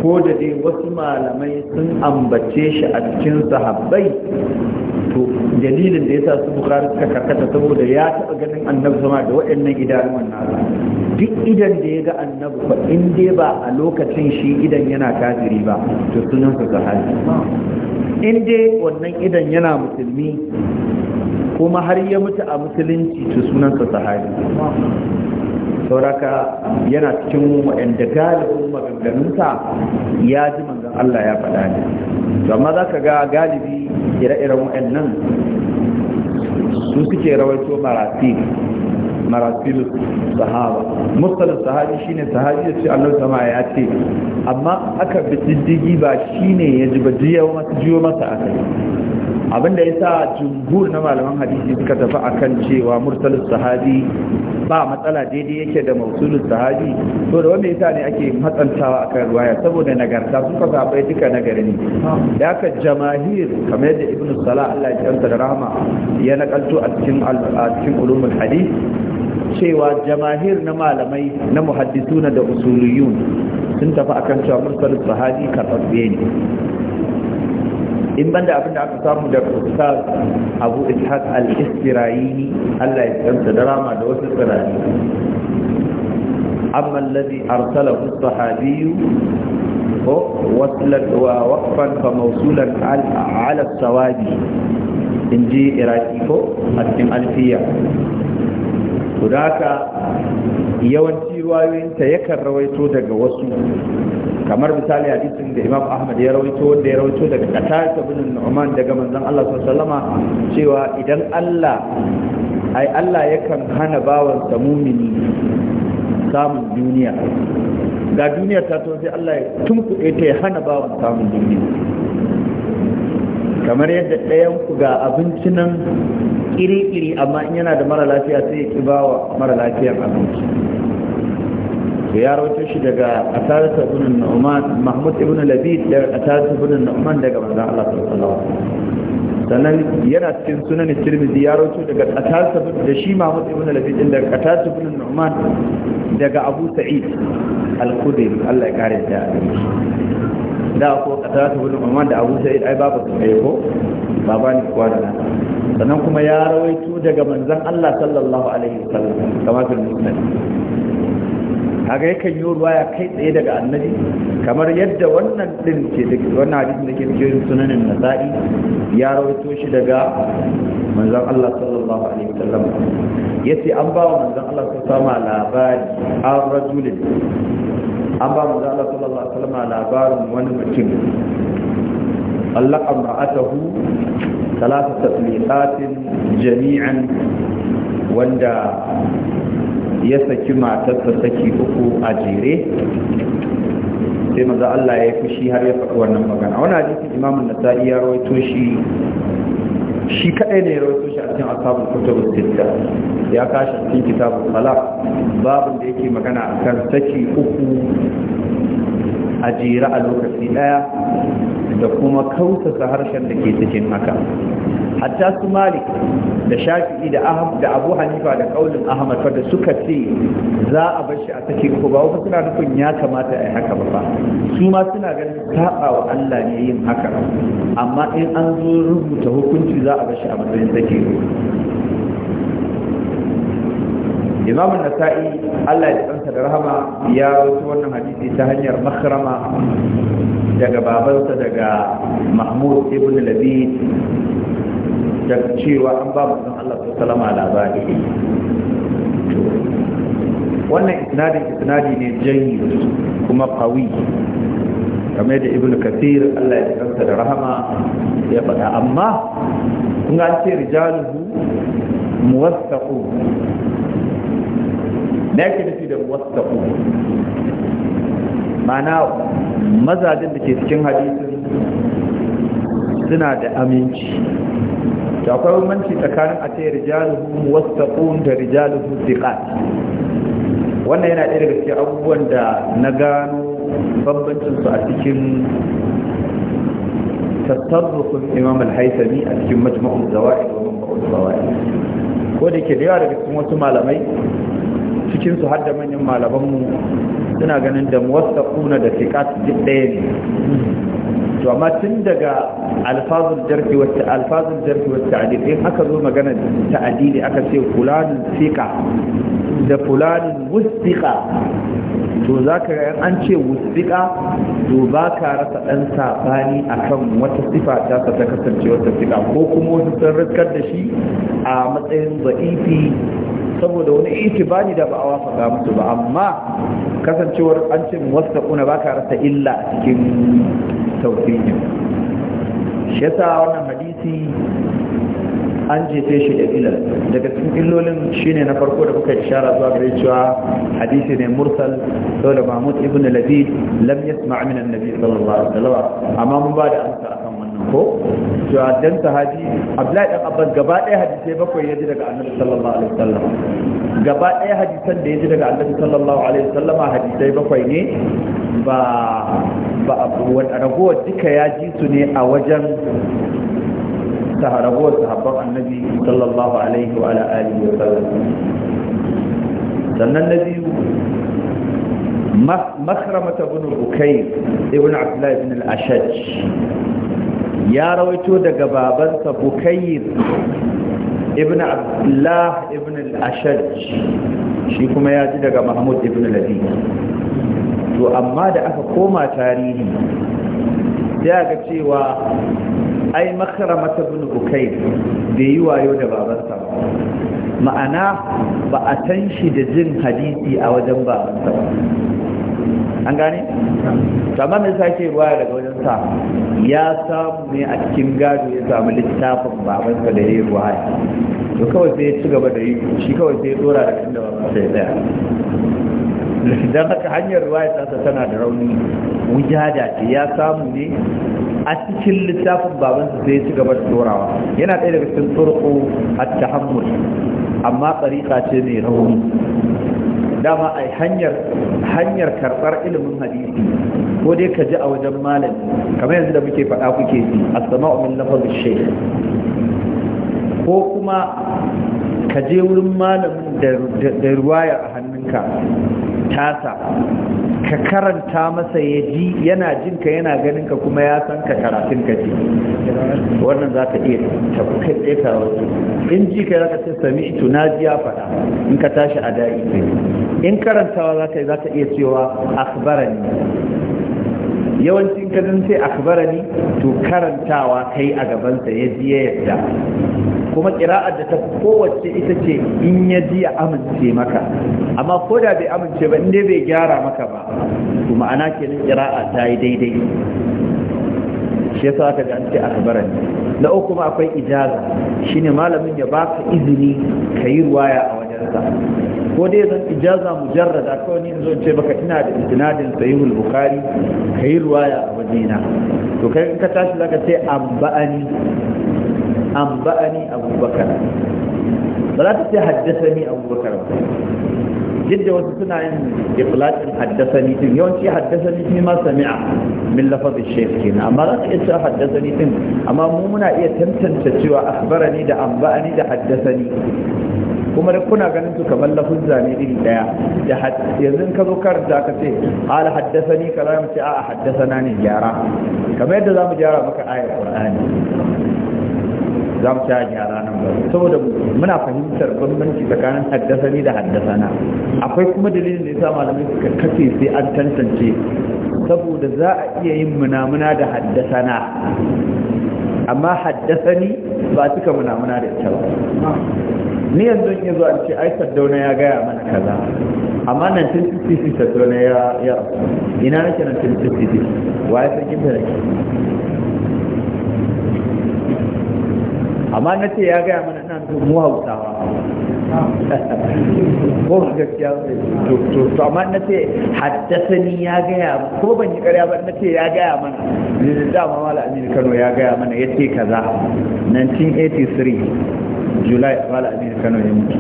ko da dai wasu malamai sun ambace shi a cikin sahabbai to dalilin da yasa su bukari suka karkata saboda ya taɓa ganin annabi sama da waɗannan idanuwan nasa duk idan da ya ga annabi ba in dai ba a lokacin shi idan yana kafiri ba to sunan sunansa sahabi in dai wannan idan yana musulmi kuma har ya mutu a musulunci to sunan sunansa sahabi sauraka yana cikin waɗanda galibin maganganunsa ya ji manzan Allah ya faɗa ne amma za ka ga galibi ire-iren waɗannan su suke rawaito marafi marafilu sahaba musalin sahabi ne sahabi ya ce Allah sama ya ce amma aka bi diddigi ba shine ya ji ba jiyo masa aka yi abinda sa jumhur na malaman hadisi suka tafi a kan cewa mursalus sahabi ba matsala daidai yake da mausulus sahabi to da wanda sa ne ake matsantawa kan ruwaya saboda nagarta su ka sabai duka nagari ne da ka jamahir kamar yadda ibn salah Allah ya kyanta da rahama ya nakalto a cikin a cikin ulumul cewa jamahir na malamai na muhaddisuna da usuliyun sun tafi akan cewa mursalin sahabi karɓaɓɓe ne in banda abin da aka samu da ustaz abu ishaq al-istirayi Allah ya tsanta da da wasu tsirani amma alladhi arsalahu as-sahabi waslan wa waqfan fa mawsulan ala as-sawabi inji iraki ko a cikin alfiya to da haka yawanci ruwayoyinta yakan rawaito daga wasu kamar misali hadisin da Imam Ahmad ya rawaito wanda ya rawaito daga ta binin Nu'man daga manzan Allah sallallahu cewa idan Allah ai Allah yakan hana bawan sa mumini samun duniya ga duniya ta to sai Allah ya tunkuɗe ta ya hana bawan samun duniya kamar yadda ɗayan ku ga abinci nan iri-iri amma in yana da mara lafiya sai ya ƙi bawa mara lafiyan abinci ya rawaito shi daga asarar ibn nu'man mahmud ibn labid daga asarar ibn nu'man daga Manzan Allah sallallahu alaihi sannan yana cikin sunan tirmidhi ya rawaito daga asarar da shi mahmud ibn labid din daga asarar ibn nu'man daga abu sa'id al-khudri Allah ya kare ta da ko asarar ibn nu'man da abu sa'id ai babu kai ko baba ne kuwa da sannan kuma ya rawaito daga Manzan Allah sallallahu alaihi wasallam kamar musnad kaga yakan yi ruwaya kai tsaye daga annabi kamar yadda wannan din ke da wannan hadisin da ke da cikin sunanin nasa'i ya rawaito shi daga manzon Allah sallallahu alaihi wasallam yace an ba wa manzon Allah sallallahu alaihi wasallam labari an rajulin an ba manzon Allah sallallahu alaihi wasallam labarin wani mutum Allah amra'atahu ثلاث تطليقات جميعا wanda ya saki matarsa saki uku a jere sai maza Allah ya yi fushi har ya faɗi wannan magana wani hadisin imamun nasa'i ya rawaito shi shi kadai ne rawaito shi a cikin asabar kutubu sitta ya kashi cikin kitabu kala babin da yake magana a kan saki uku a jere a lokaci ɗaya da kuma kautata harshen da ke cikin haka hatta su malik da shafi'i da ahab da abu hanifa da kaulin ahmad fa da suka ce za a bar shi a take ko ba wasu suna nufin ya kamata a yi haka ba su ma suna ganin saba wa Allah ne yin haka amma in an zo rubuta hukunci za a bar shi a matsayin take imam nasa'i Allah ya san da rahama ya rawaito wannan hadisi ta hanyar makrama daga babansa daga mahmud ibn labid daga cewa an ba mutum allah ta salama labari wannan isnadin isnadi ne janyi kuma kawi game da ibn kathir allah ya kansa da rahama ya faɗa amma kun ga an ce rijaluhu na yake nufi da wasu mana mazajen da ke cikin hadisun suna da aminci da akwai bambanci tsakanin a ce rijaluhum wasaqun da rijaluhum thiqat wannan yana ɗaya daga cikin abubuwan da na gano bambancin su a cikin tattarrufin imam al-haythami a cikin majma'ul zawaid wa manba'ul zawaid ko da ke da yawa daga cikin wasu malamai cikin su hadda manyan malaman mu suna ganin da muwassaquna da fiqat duk ɗaya ne to amma tun daga alfazul jarfi wa alfazul jarfi wa ta'dil in aka zo magana ta'dili aka ce fulanun fiqa da fulanin wustiƙa to za ka ga an ce wustiƙa to ba ka rasa ɗan saɓani a kan wata sifa ta ta kasance wata siƙa ko kuma wasu sun riskar da shi a matsayin za'ifi saboda wani itibari da ba a wafaka musu ba amma kasancewar an ce wasta kuna ba ka rasa illa a cikin tausirin shi yasa wannan hadisi an jefe shi da ilal daga cikin illolin shine na farko da muka ishara zuwa gare cewa hadisi ne mursal saboda mahmud ibn labid lam yasma' min annabi sallallahu alaihi wasallam amma mun ba da amsa akan ko cewa dan sahabi Abdullahi dan Abbas gaba ɗaya hadisai bakwai ya ji daga Annabi sallallahu alaihi wasallam gaba ɗaya hadisan da ya ji daga Annabi sallallahu alaihi wasallam hadisai bakwai ne ba ba wanda ragowar duka ya ji su ne a wajen ragowar sahabban Annabi sallallahu alaihi wa alihi wasallam sannan na biyu مخرمة بن بكير ابن عبد الله بن الأشج ya rawaito daga babansa bukayir ibn abdullah ibn al-ashaj shi kuma ya ji daga mahmud ibn labi to amma da aka koma tarihi ya ga cewa ai makaramata ibn bukayir da yi wayo da babansa ma'ana ba a tanshi da jin hadisi a wajen babansa an gane amma mai sake ruwa daga wajen sa ya samu ne a cikin gado ya samu littafin babansa da ya yi ruwa to kawai sai ya ci gaba da yi shi kawai sai ya dora da inda babansa sai tsaya don haka hanyar ruwa ya tasa tana da rauni wujada ce ya samu ne a cikin littafin babansa sai ya ci gaba da dorawa yana ɗaya daga cikin tsorko a tahammul amma tsarika ce mai rauni dama a hanyar hanyar karɓar ilimin hadisi ko dai ka ji a wajen malami kamar yanzu da muke faɗa kuke ji sama wa min lafaz ko kuma ka je wurin malamin da ruwayar a hannunka tasa ka karanta masa ya ji yana jinka yana ganinka kuma ya san ka karatun ka ji wannan za ka iya tabbatar ya wasu in ji ka raka sai sami ito na ji ya faɗa in ka tashi a da'i ne in karantawa za ka yi za ka iya cewa akbarani yawancin kadin sai akbarani to karantawa kai a gabansa ya ji yadda kuma kira'ar da ta kowace ita ce in ya ji ya amince maka amma ko da bai amince ba inda bai gyara maka ba to ma'ana kenan kira'a ta yi daidai shi yasa ka ji an ce akbarani na uku ma akwai ijaza shine malamin ya baka izini ka yi ruwaya a wajensa ko dai zan ijaza mujarrada kawai ni zo ce baka ina da isnadin sahihul bukhari ka yi ruwaya a wajena to kai ka tashi zaka ce amba'ani amba'ani abubakar ba za ta ce haddasa ni abubakar ba duk da wasu suna yin iflatin haddasani tun yawanci haddasani ne ma sami'a min lafazin shaykh kenan amma za ka iya cewa haddasani tun? amma mu muna iya tantance cewa asbarani da amba'ani da haddasani kuma da kuna ganin su kamar lafuzza ne iri daya da yanzu ka zo da ka ce ala haddasani kaza mu ce a haddasana ne gyara kamar yadda za mu gyara maka ayar qur'ani za mu ta gyara nan saboda muna fahimtar bambanci tsakanin haddasani da haddasana akwai kuma dalilin da sa malamai suka kafe sai an tantance saboda za a iya yin munamuna da haddasana amma haddasani ba suka munamuna da ita ba ni yanzu in zo an ce ai Saddauna ya gaya mana kaza amma nan tun titi Saddauna ya ya ina nake nan tun titi wa ya san kin da nake amma na ce ya gaya mana nan nufin mu hausawa ko gaskiya to to amma na ce haddasani ya gaya ko ban yi karya ba na ce ya gaya mana ne da dama mala amin kano ya gaya mana ya ce kaza 1983 july mala amin kano ya mutu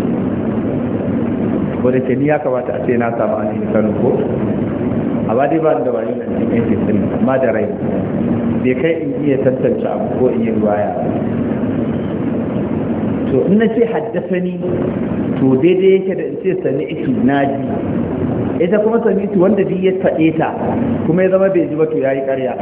ko da ke ni ya kamata a ce na samu amin kano ko amma dai ba da wayo 1983 amma da rai bai kai in iya tantance abu ko in yi ruwaya to in na ce haddasani to daidai yake da in ce sani itu ji, ita kuma sani itu wanda duk ya faɗe ta kuma ya zama bai ji ba to ya yi karya,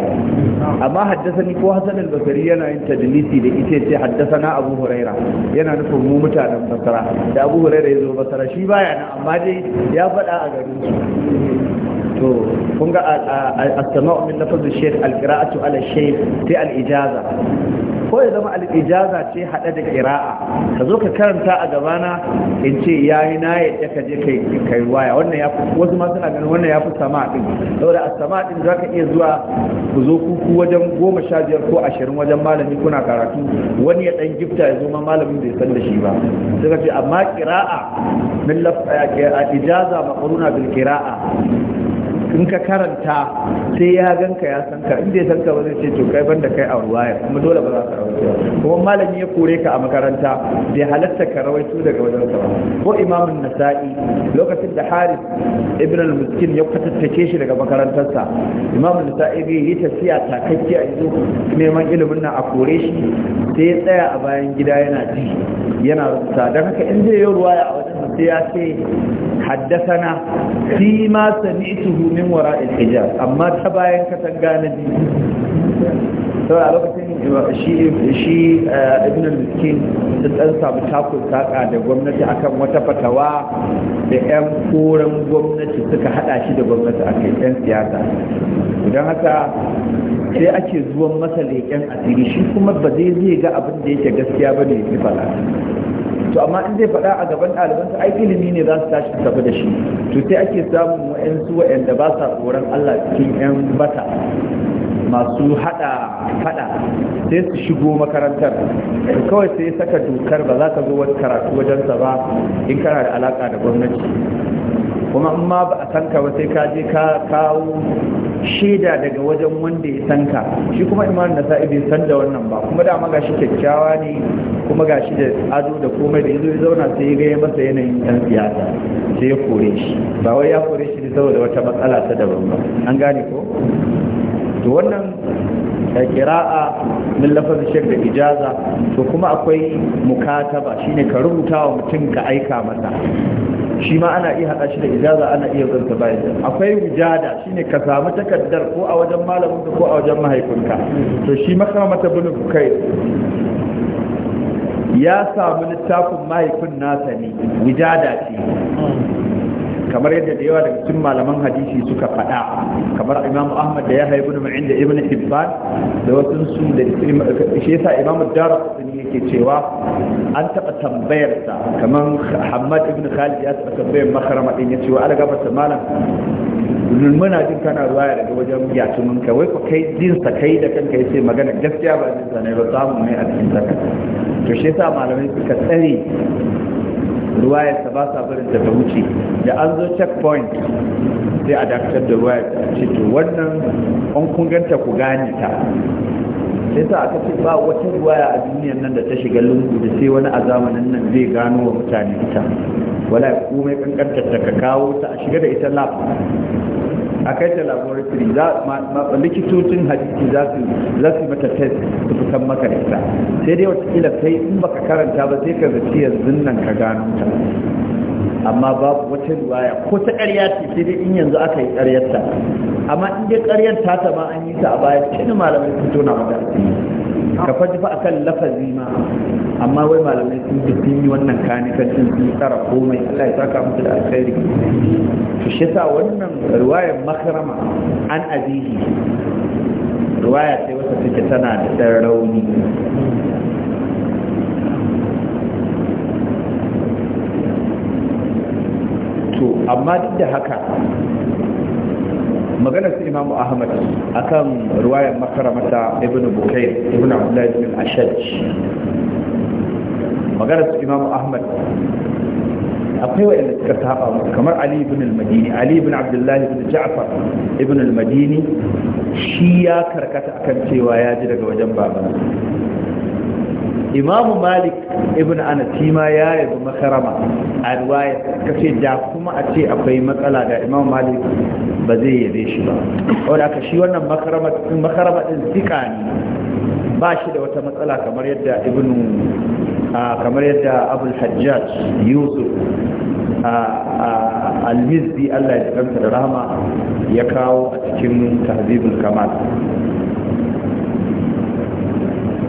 amma haddasani ko hasan al yana yin tadlisi da ita ce na abu huraira yana nufin mu mutanen basara da abu huraira ya zo basara shi baya nan amma dai ya faɗa a garin to kun ga a sama'u min lafazin shaykh al-qira'atu ala shaykh sai al-ijaza ko ya zama al'ijaza ce haɗe da ƙira'a ka zo ka karanta a gabana in ce ya yi na yadda ka je kai kai waya wannan ya fi wasu masu suna ganin wannan ya fi sama ɗin saboda a sama ɗin za ka iya zuwa ku zo kuku wajen goma sha biyar ko ashirin wajen malami kuna karatu wani ya ɗan gifta ya zo ma malamin bai san da shi ba sai ka ce amma ƙira'a min lafiya ijaza maƙaruna bil ƙira'a in ka karanta sai ya ganka ya san ka inda ya san ka ba zai ce to kai banda kai a ruwaya kuma dole ba za ka rawaito kuma malami ya kore ka a makaranta bai halatta ka rawaito daga wajen ka ko imamun nasa'i lokacin da haris ibn al muskin ya kwatattake shi daga makarantarsa imamun nasa'i bai yi tafiya takakke a yanzu neman ilimin na a kore shi sai ya tsaya a bayan gida yana ji yana rubuta don haka in zai yi ruwaya a wajen sai ya ce حدثنا فيما سمعته من وراء ta أما تباين كتنقان دي سواء لوقتين شيء شيء ابن المسكين تتأنسى بتاكل تاكا da gwamnati akan wata fatawa da 'yan koren gwamnati suka hada shi da gwamnati a kai 'yan siyasa idan haka sai ake zuwan masa leƙen asiri shi kuma ba zai zai ga abin da yake gaskiya ba ne ya fi to amma in zai faɗa a gaban ɗaliban ɗalibansa ai ilimi ne za su tashi tafi da shi to sai ake samun wa'yansu wa'yanda ba sa tsoron Allah cikin 'yan bata masu haɗa-haɗa, sai su shigo makarantar to kawai sai saka dokar ba za ka zo wani karatu wajensa ba in kana da alaka da gwamnati kuma in ma ba a san ba sai ka je ka kawo shaida daga wajen wanda ya san shi kuma imanin da sa'ibi san da wannan ba kuma da dama shi kyakkyawa ne kuma ga shi da ado da komai da yazo ya zauna sai ya gaya masa yanayin yan siyasa sai ya kore shi ba wai ya kore shi saboda wata matsala ta daban ba an gane ko to wannan da eh, kira'a min lafazin shek da ijaza to kuma akwai mukataba shine ka rubuta wa mutum ka aika masa shi ma ana iya haɗa shi da ijaza ana iya zanta bayan akwai wujada shine ka samu takardar ko a wajen malamin ko a wajen mahaifinka to shi makamata bin bukai ya samu littafin mahaifin nasa ne wujada ce kamar yadda da yawa daga cikin malaman hadisi suka faɗa kamar imam ahmad da ya haibu da ma'in da ibn hibban da wasu su da shi yasa imam dara kusuri yake cewa an taɓa tambayar sa kamar hamad ibn khalid ya taɓa tambayar makarama ɗin ya ce wa alaga masa malam muna jin kana ruwaya daga wajen yatumin ka wai ko kai jin sa kai da kanka yace magana gaskiya ba jin sa ne ba samu mai a cikin saka to shi yasa malamai suka tsare ruwayarta ta ba sa barin ta ta wuce da an zo checkpoint sai a dakatar da ta ce to wannan an kun ganta ku gane ta sai sa aka ce ba wata ruwaya a duniyar nan da ta shiga lungu da sai wani a zamanin nan zai gano wa mutane ita wala komai kankantar ta ka kawo ta a shiga da ita lab a kai ta laboratory likitocin hadisi za su yi mata test su fitan maka da sai dai watakila kai in baka karanta ba sai ka zaci yanzu nan ka gano ta amma babu wata riwaya ko ta ƙarya ce sai dai in yanzu aka yi ƙaryarta amma in dai ƙaryar ta ta ma an yi ta a baya cikin malamai fito na mata ka faji fa akan lafazi ma amma wai malamai sun ji sun yi wannan kanikancin sun tsara komai Allah ya saka musu da alkhairi to shi yasa wannan riwayar makarama an azihi riwaya sai wata take tana da ɗan rauni to amma duk da haka maganar su imamu ahmad akan ruwayar makaramata ibn bukair ibn abdullahi ibn ashaj maganar su imamu ahmad akwai waɗanda suka saba musu kamar ali ibn al-madini ali ibn abdullahi ibn ja'far ibn al-madini shi ya karkata akan cewa ya ji daga wajen baban imam malik ibn anas ma ya yabi makarama a ruwaya kace da kuma a ce akwai matsala da imam malik ba zai yabe shi ba wanda aka shi wannan makarama ɗin sika ne ba shi da wata matsala kamar yadda ibn kamar yadda abul hajjaj yusuf al-mizdi Allah ya tsanta da ya kawo a cikin tahzibul kamal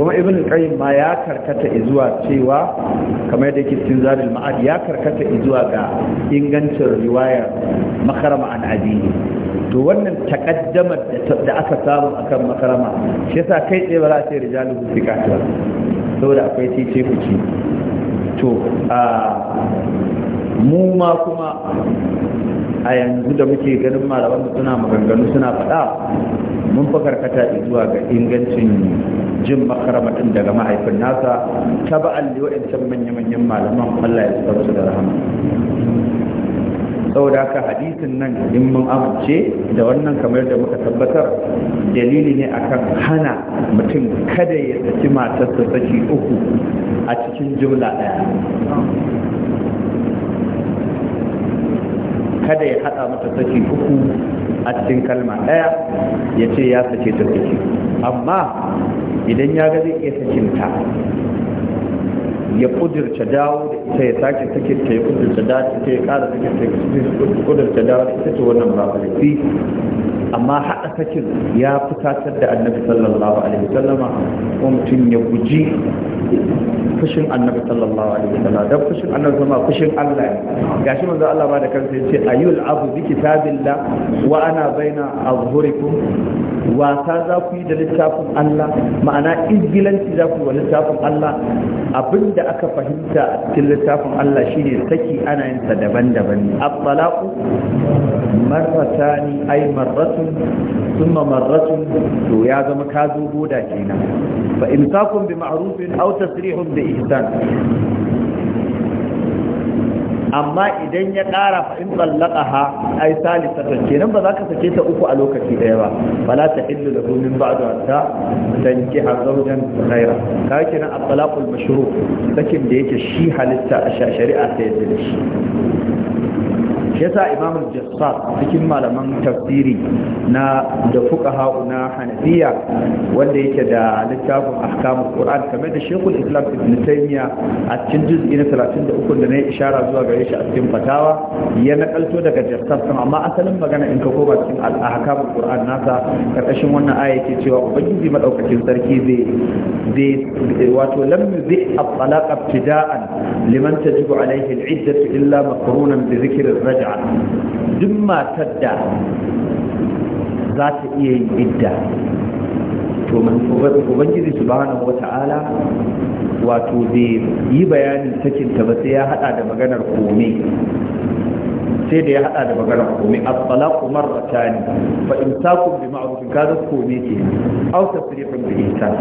kuma ibn qayyim ma ya karkata zuwa cewa kamar yadda yake cikin zadul ma'ad ya karkata izuwa ga ingancin riwaya makarama an adini to wannan takaddama da aka samu akan makarama shi yasa kai tsaye ba za a ce rijalu ta, saboda akwai tice kuci to a mu ma kuma a yanzu da muke ganin malaman suna maganganu suna faɗa mun fa karkata izuwa ga ingancin jin makarama daga mahaifin nasa ta ba’an li wa'ancan manya-manyan malaman Allah ya su da rahama saboda hadisin nan in mun amince da wannan kamar da muka tabbatar dalili ne akan hana mutum kada ya saki matarsa saki uku a cikin jumla ɗaya kada ya haɗa mata saki uku a cikin kalma ɗaya ya ce ya sace ta saki amma idan ya ga zai iya sakinta ya kudurta dawo da ita ya sake sakinta ya kudurta dawo da ita ya kara sakinta ya kudurta dawo da ita ta wannan ba fi amma haɗa sakin ya fitatar da annabi sallallahu alaihi wasallama ko mutum ya guji fushin annabi sallallahu alaihi wasallam Don fushin annabi sama fushin Allah ne. gashi manzo Allah ba da kansa yace ayul abu bi kitabillah wa ana baina azhurikum wasa za ku yi da littafin Allah ma'ana izgilanci za ku yi wa littafin Allah abinda aka fahimta a cikin littafin Allah shine saki ana yin sa daban-daban at-talaqu marratani ay marratu thumma marratun to ya zama ka zo goda kenan fa imsakun bi ma'rufin aw amma idan ya ƙara fa in tsallaka ai salisatan kenan ba za ka sake ta uku a lokaci ɗaya ba fala ta illu da min ba'du hatta tanki ha zaujan ghaira ka kenan at-talaqul mashru sakin da yake shi halitta a shari'a ta yadda shi yasa imam al cikin malaman tafsiri na da hau na hanafiya wanda yake da littafin ahkamul qur'an kamar da shekul islam ibn taymiya a cikin juz'i na 33 da na yi ishara zuwa gare shi a cikin fatawa ya nakalto daga jassar amma asalin magana in ka koma cikin ahkamul qur'an nasa karkashin wannan aya yake cewa ubangiji madaukakin sarki zai zai wato lam yuzi at ibtida'an liman tajibu alayhi al'iddatu illa maqrunan bi dhikri ar-raj'a duk matar da za ta iya yin idda to ubangiji subhanahu wata'ala wato bai yi bayanin sakinta ba sai ya hada da maganar kome sai da ya hada da magana komai as-salaqu marratan fa imsakum bi ma'ruf kaza komai ke aw tasrifun bi ihsan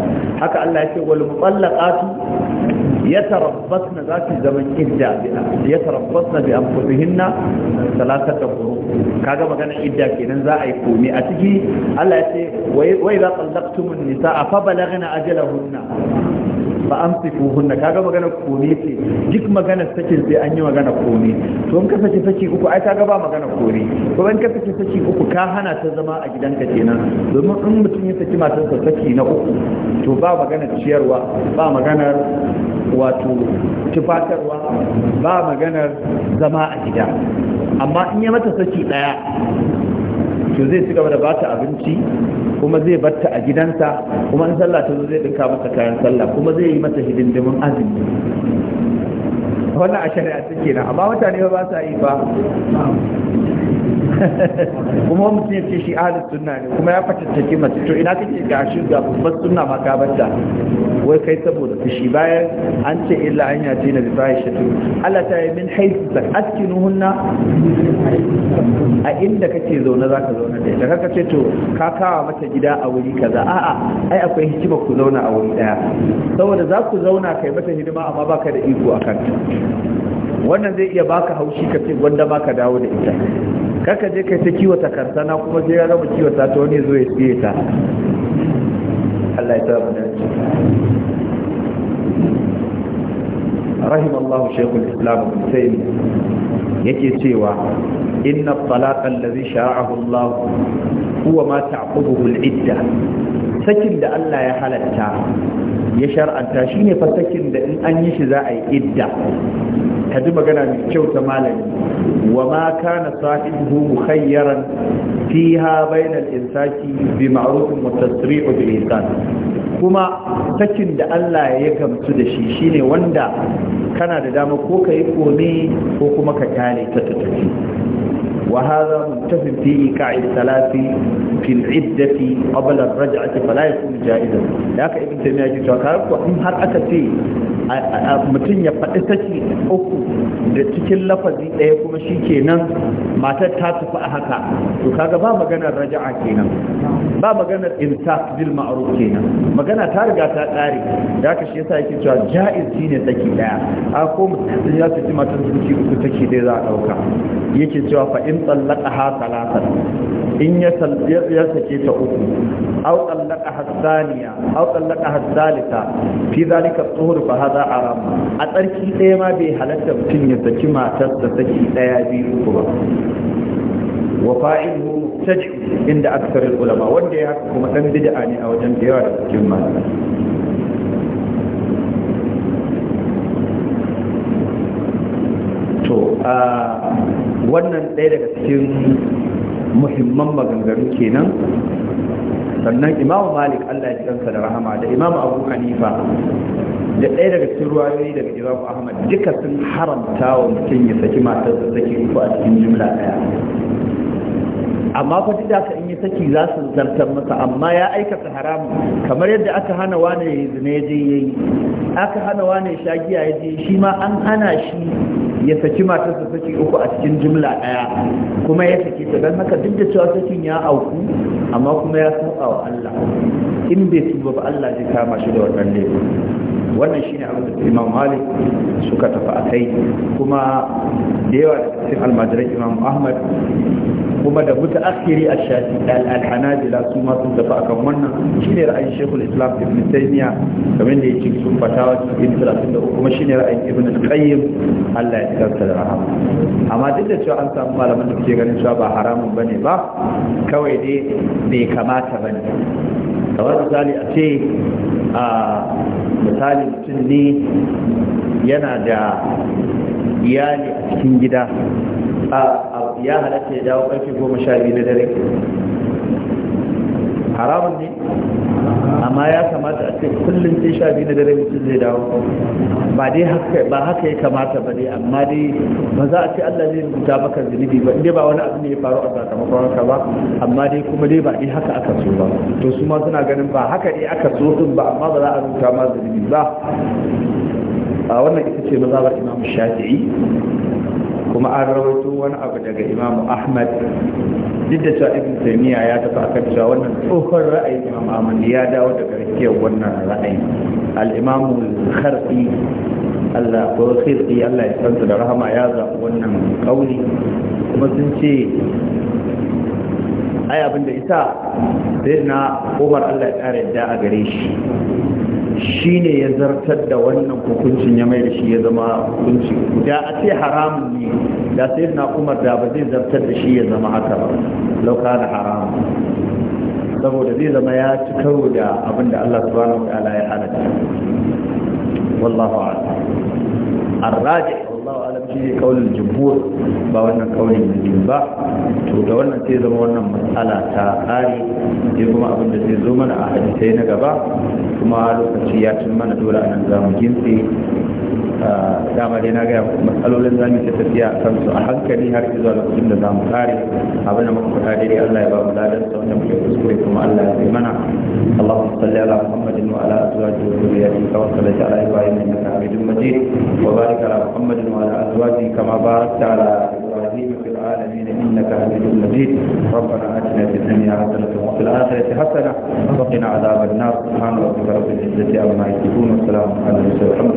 haka Allah ya yake wal mutallaqatu yatarabbasna su zaman idda yatarabbasna bi anfusihinna salasata quru kaga magana idda kenan za a yi komai a ciki Allah ya yake wa idza tallaqtumun nisaa fa balagna ajalahunna fa amsiku hunna kaga magana kome ce duk magana sakin sai an yi magana kome to in ka saki saki uku ai kaga ba magana kome ko in ka saki saki uku ka hana ta zama a gidanka kenan domin in mutum ya saki matarsa saki na uku to ba magana ciyarwa ba maganar wato tufatarwa ba maganar zama a gida amma in ya mata saki daya to zai ci gaba da bata abinci kuma zai batta a gidansa kuma in sallah ta zo zai dinka masa kayan sallah kuma zai yi masa hidindimin azumi wannan a shari'a take nan amma mutane ba sa yi ba kuma mutum ya ce shi ahalin sunna ne kuma ya take mace to ina kake ga shi ga babban sunna ma ka bata wai kai saboda fushi bayan an ce illa an yace na bifahi shatu Allah ta yi min haisu ta askinuhunna a inda kake zaune za ka zaune da ita ce to ka kawa mata gida a wuri kaza a'a ai akwai hikima ku zauna a wuri daya saboda za ku zauna kai mata hidima amma baka da iko a kanta wannan zai iya baka haushi ka ce gwanda ka dawo da ita kaka je kai ta kiwo kiwata karsana kuma sai ya gama kiwata ta wani zo ya siye ta Allah ya samu dace rahim Allah shaykhul islam ibn tayyib yake cewa inna talaqa allazi shara'ahu Allah huwa ma ta'qubuhu al-idda sakin da Allah ya halatta ya shar'anta shine fa sakin da in an yi shi za a yi idda ka ji magana mai kyau ta malami wa ma kana sahibu mukhayyaran fiha bayna al-insaki bi ma'ruf wa tasri'u bil ihsan kuma sakin da Allah ya gamsu da shi shine wanda kana da dama ko ka yi kone ko kuma ka kare ta tafi وهذا متفق في إيقاع الثلاث في العدة قبل الرجعة فلا يكون جائزا لك ابن تيمية جيت وكارك mutum ya faɗi saki uku da cikin lafazi ɗaya kuma shi kenan matar ta tafi a haka to kaga ba maganar raja'a kenan ba maganar insa bil ma'ruf kenan magana ta riga ta tsare da haka shi yasa yake cewa jaiz shine saki ɗaya. a ko mutum ya tafi matar zuci uku take dai za a dauka yake cewa fa in in ha talatar in ya sake ta uku au tsallaka hassaniya au tsallaka hassalita fi zalika tsohur fa haza aram a tsarki ɗaya ma bai halatta mutum ya saki matarsa saki ɗaya biyu uku ba wa fa'ilu taj'u inda aksarin ulama wanda ya haka kuma dan bid'a ne a wajen da yawa da cikin mata wannan ɗaya daga cikin muhimman maganganu kenan sannan imamu malik allah ya ji kansa da rahama da imamu abu hanifa da ɗaya daga cikin ruwayoyi daga imamu ahmad duka sun haramta wa mutum ya saki matar da saki uku a cikin jumla ɗaya amma fa duk da in yi saki za su zartar masa amma ya aikata haramu kamar yadda aka hana wani ya zina ya je yayi aka hana wani ya sha giya ya je shi ma an hana shi ya saki matarsa saki uku a cikin jumla ɗaya kuma ya saki ta don haka duk da cewa sakin ya auku amma kuma ya sauka wa Allah in bai tuba ba Allah zai kama shi da wannan laifin wannan shine abin da imam malik suka tafi a kai kuma da yawa da cikin almajirai, imam ahmad kuma da mutu akiri a shafi al-hanajila su ma sun tafi akan wannan shine ra'ayin shekul islam ibn taymiya kamar da yake sun wa cikin da kuma shine ra'ayin ibn al-qayyim Allah ya tsarta da rahama amma duk da cewa an samu malaman da suke ganin cewa ba haramun bane ba kawai dai bai kamata bane kamar misali a ce a misali misali mutum ne yana da iyali a cikin gida ya halatta ya dawo ƙarfe goma sha biyu na dare haramun ne amma ya kamata a ce kullum sai sha biyu na dare mutum zai dawo ba dai haka ba haka ya kamata ba dai amma dai ba za a ce Allah zai rubuta maka zunubi ba inda ba wani abu ne ya faru a sakamakon haka ba amma dai kuma dai ba dai haka aka so ba to su ma suna ganin ba haka dai aka so din ba amma ba za a rubuta ma zunubi ba a wannan ita ce mazhabar imam shafi'i kuma an rawaito wani abu daga imamu ahmad duk da cewa ibn taymiya ya tafi akan cewa wannan tsohon ra'ayin imam ahmad ya dawo daga rikiyar wannan ra'ayi al-imam Allah ko khirqi Allah ya san da rahama ya zaɓi wannan kauli kuma sun ce ai abin da isa sai na umar allah ya ƙara yadda a gare shi shi ne ya zartar da wannan hukuncin ya mai da shi ya zama hukunci da a ce haramun ne da sai na umar da ba zai zartar da shi ya zama haka ba lauka da haramun saboda zai zama ya ci karo da abin da allah subhanahu wa ta'ala ya halatta wallahu a'lam shi ne kaunin jumhur ba wannan kaunin jumhur ba to da wannan sai zama wannan matsala ta tsari sai kuma abin da zai zo mana a hadisai na gaba kuma lokaci ya cin mana dole a nan za mu gintse dama dai na gaya matsalolin zamu ta tafiya a kansu a hankali har zuwa lokacin da zamu kare abin da muka faɗa daidai Allah ya ba mu ladan sa wanda muke kuskure kuma Allah ya mana Allahumma salli ala Muhammadin wa ala azwajihi wa dhurriyyatihi kama sallaita ala Ibrahim innaka Hamidum Majid wa barik ala Muhammadin wa ala azwajihi kama barakta ala في العالمين إنك حميد مجيد ربنا آتنا في الدنيا حسنة وفي الآخرة حسنة وقنا عذاب النار سبحان ربك رب العزة عما يصفون والسلام على المرسلين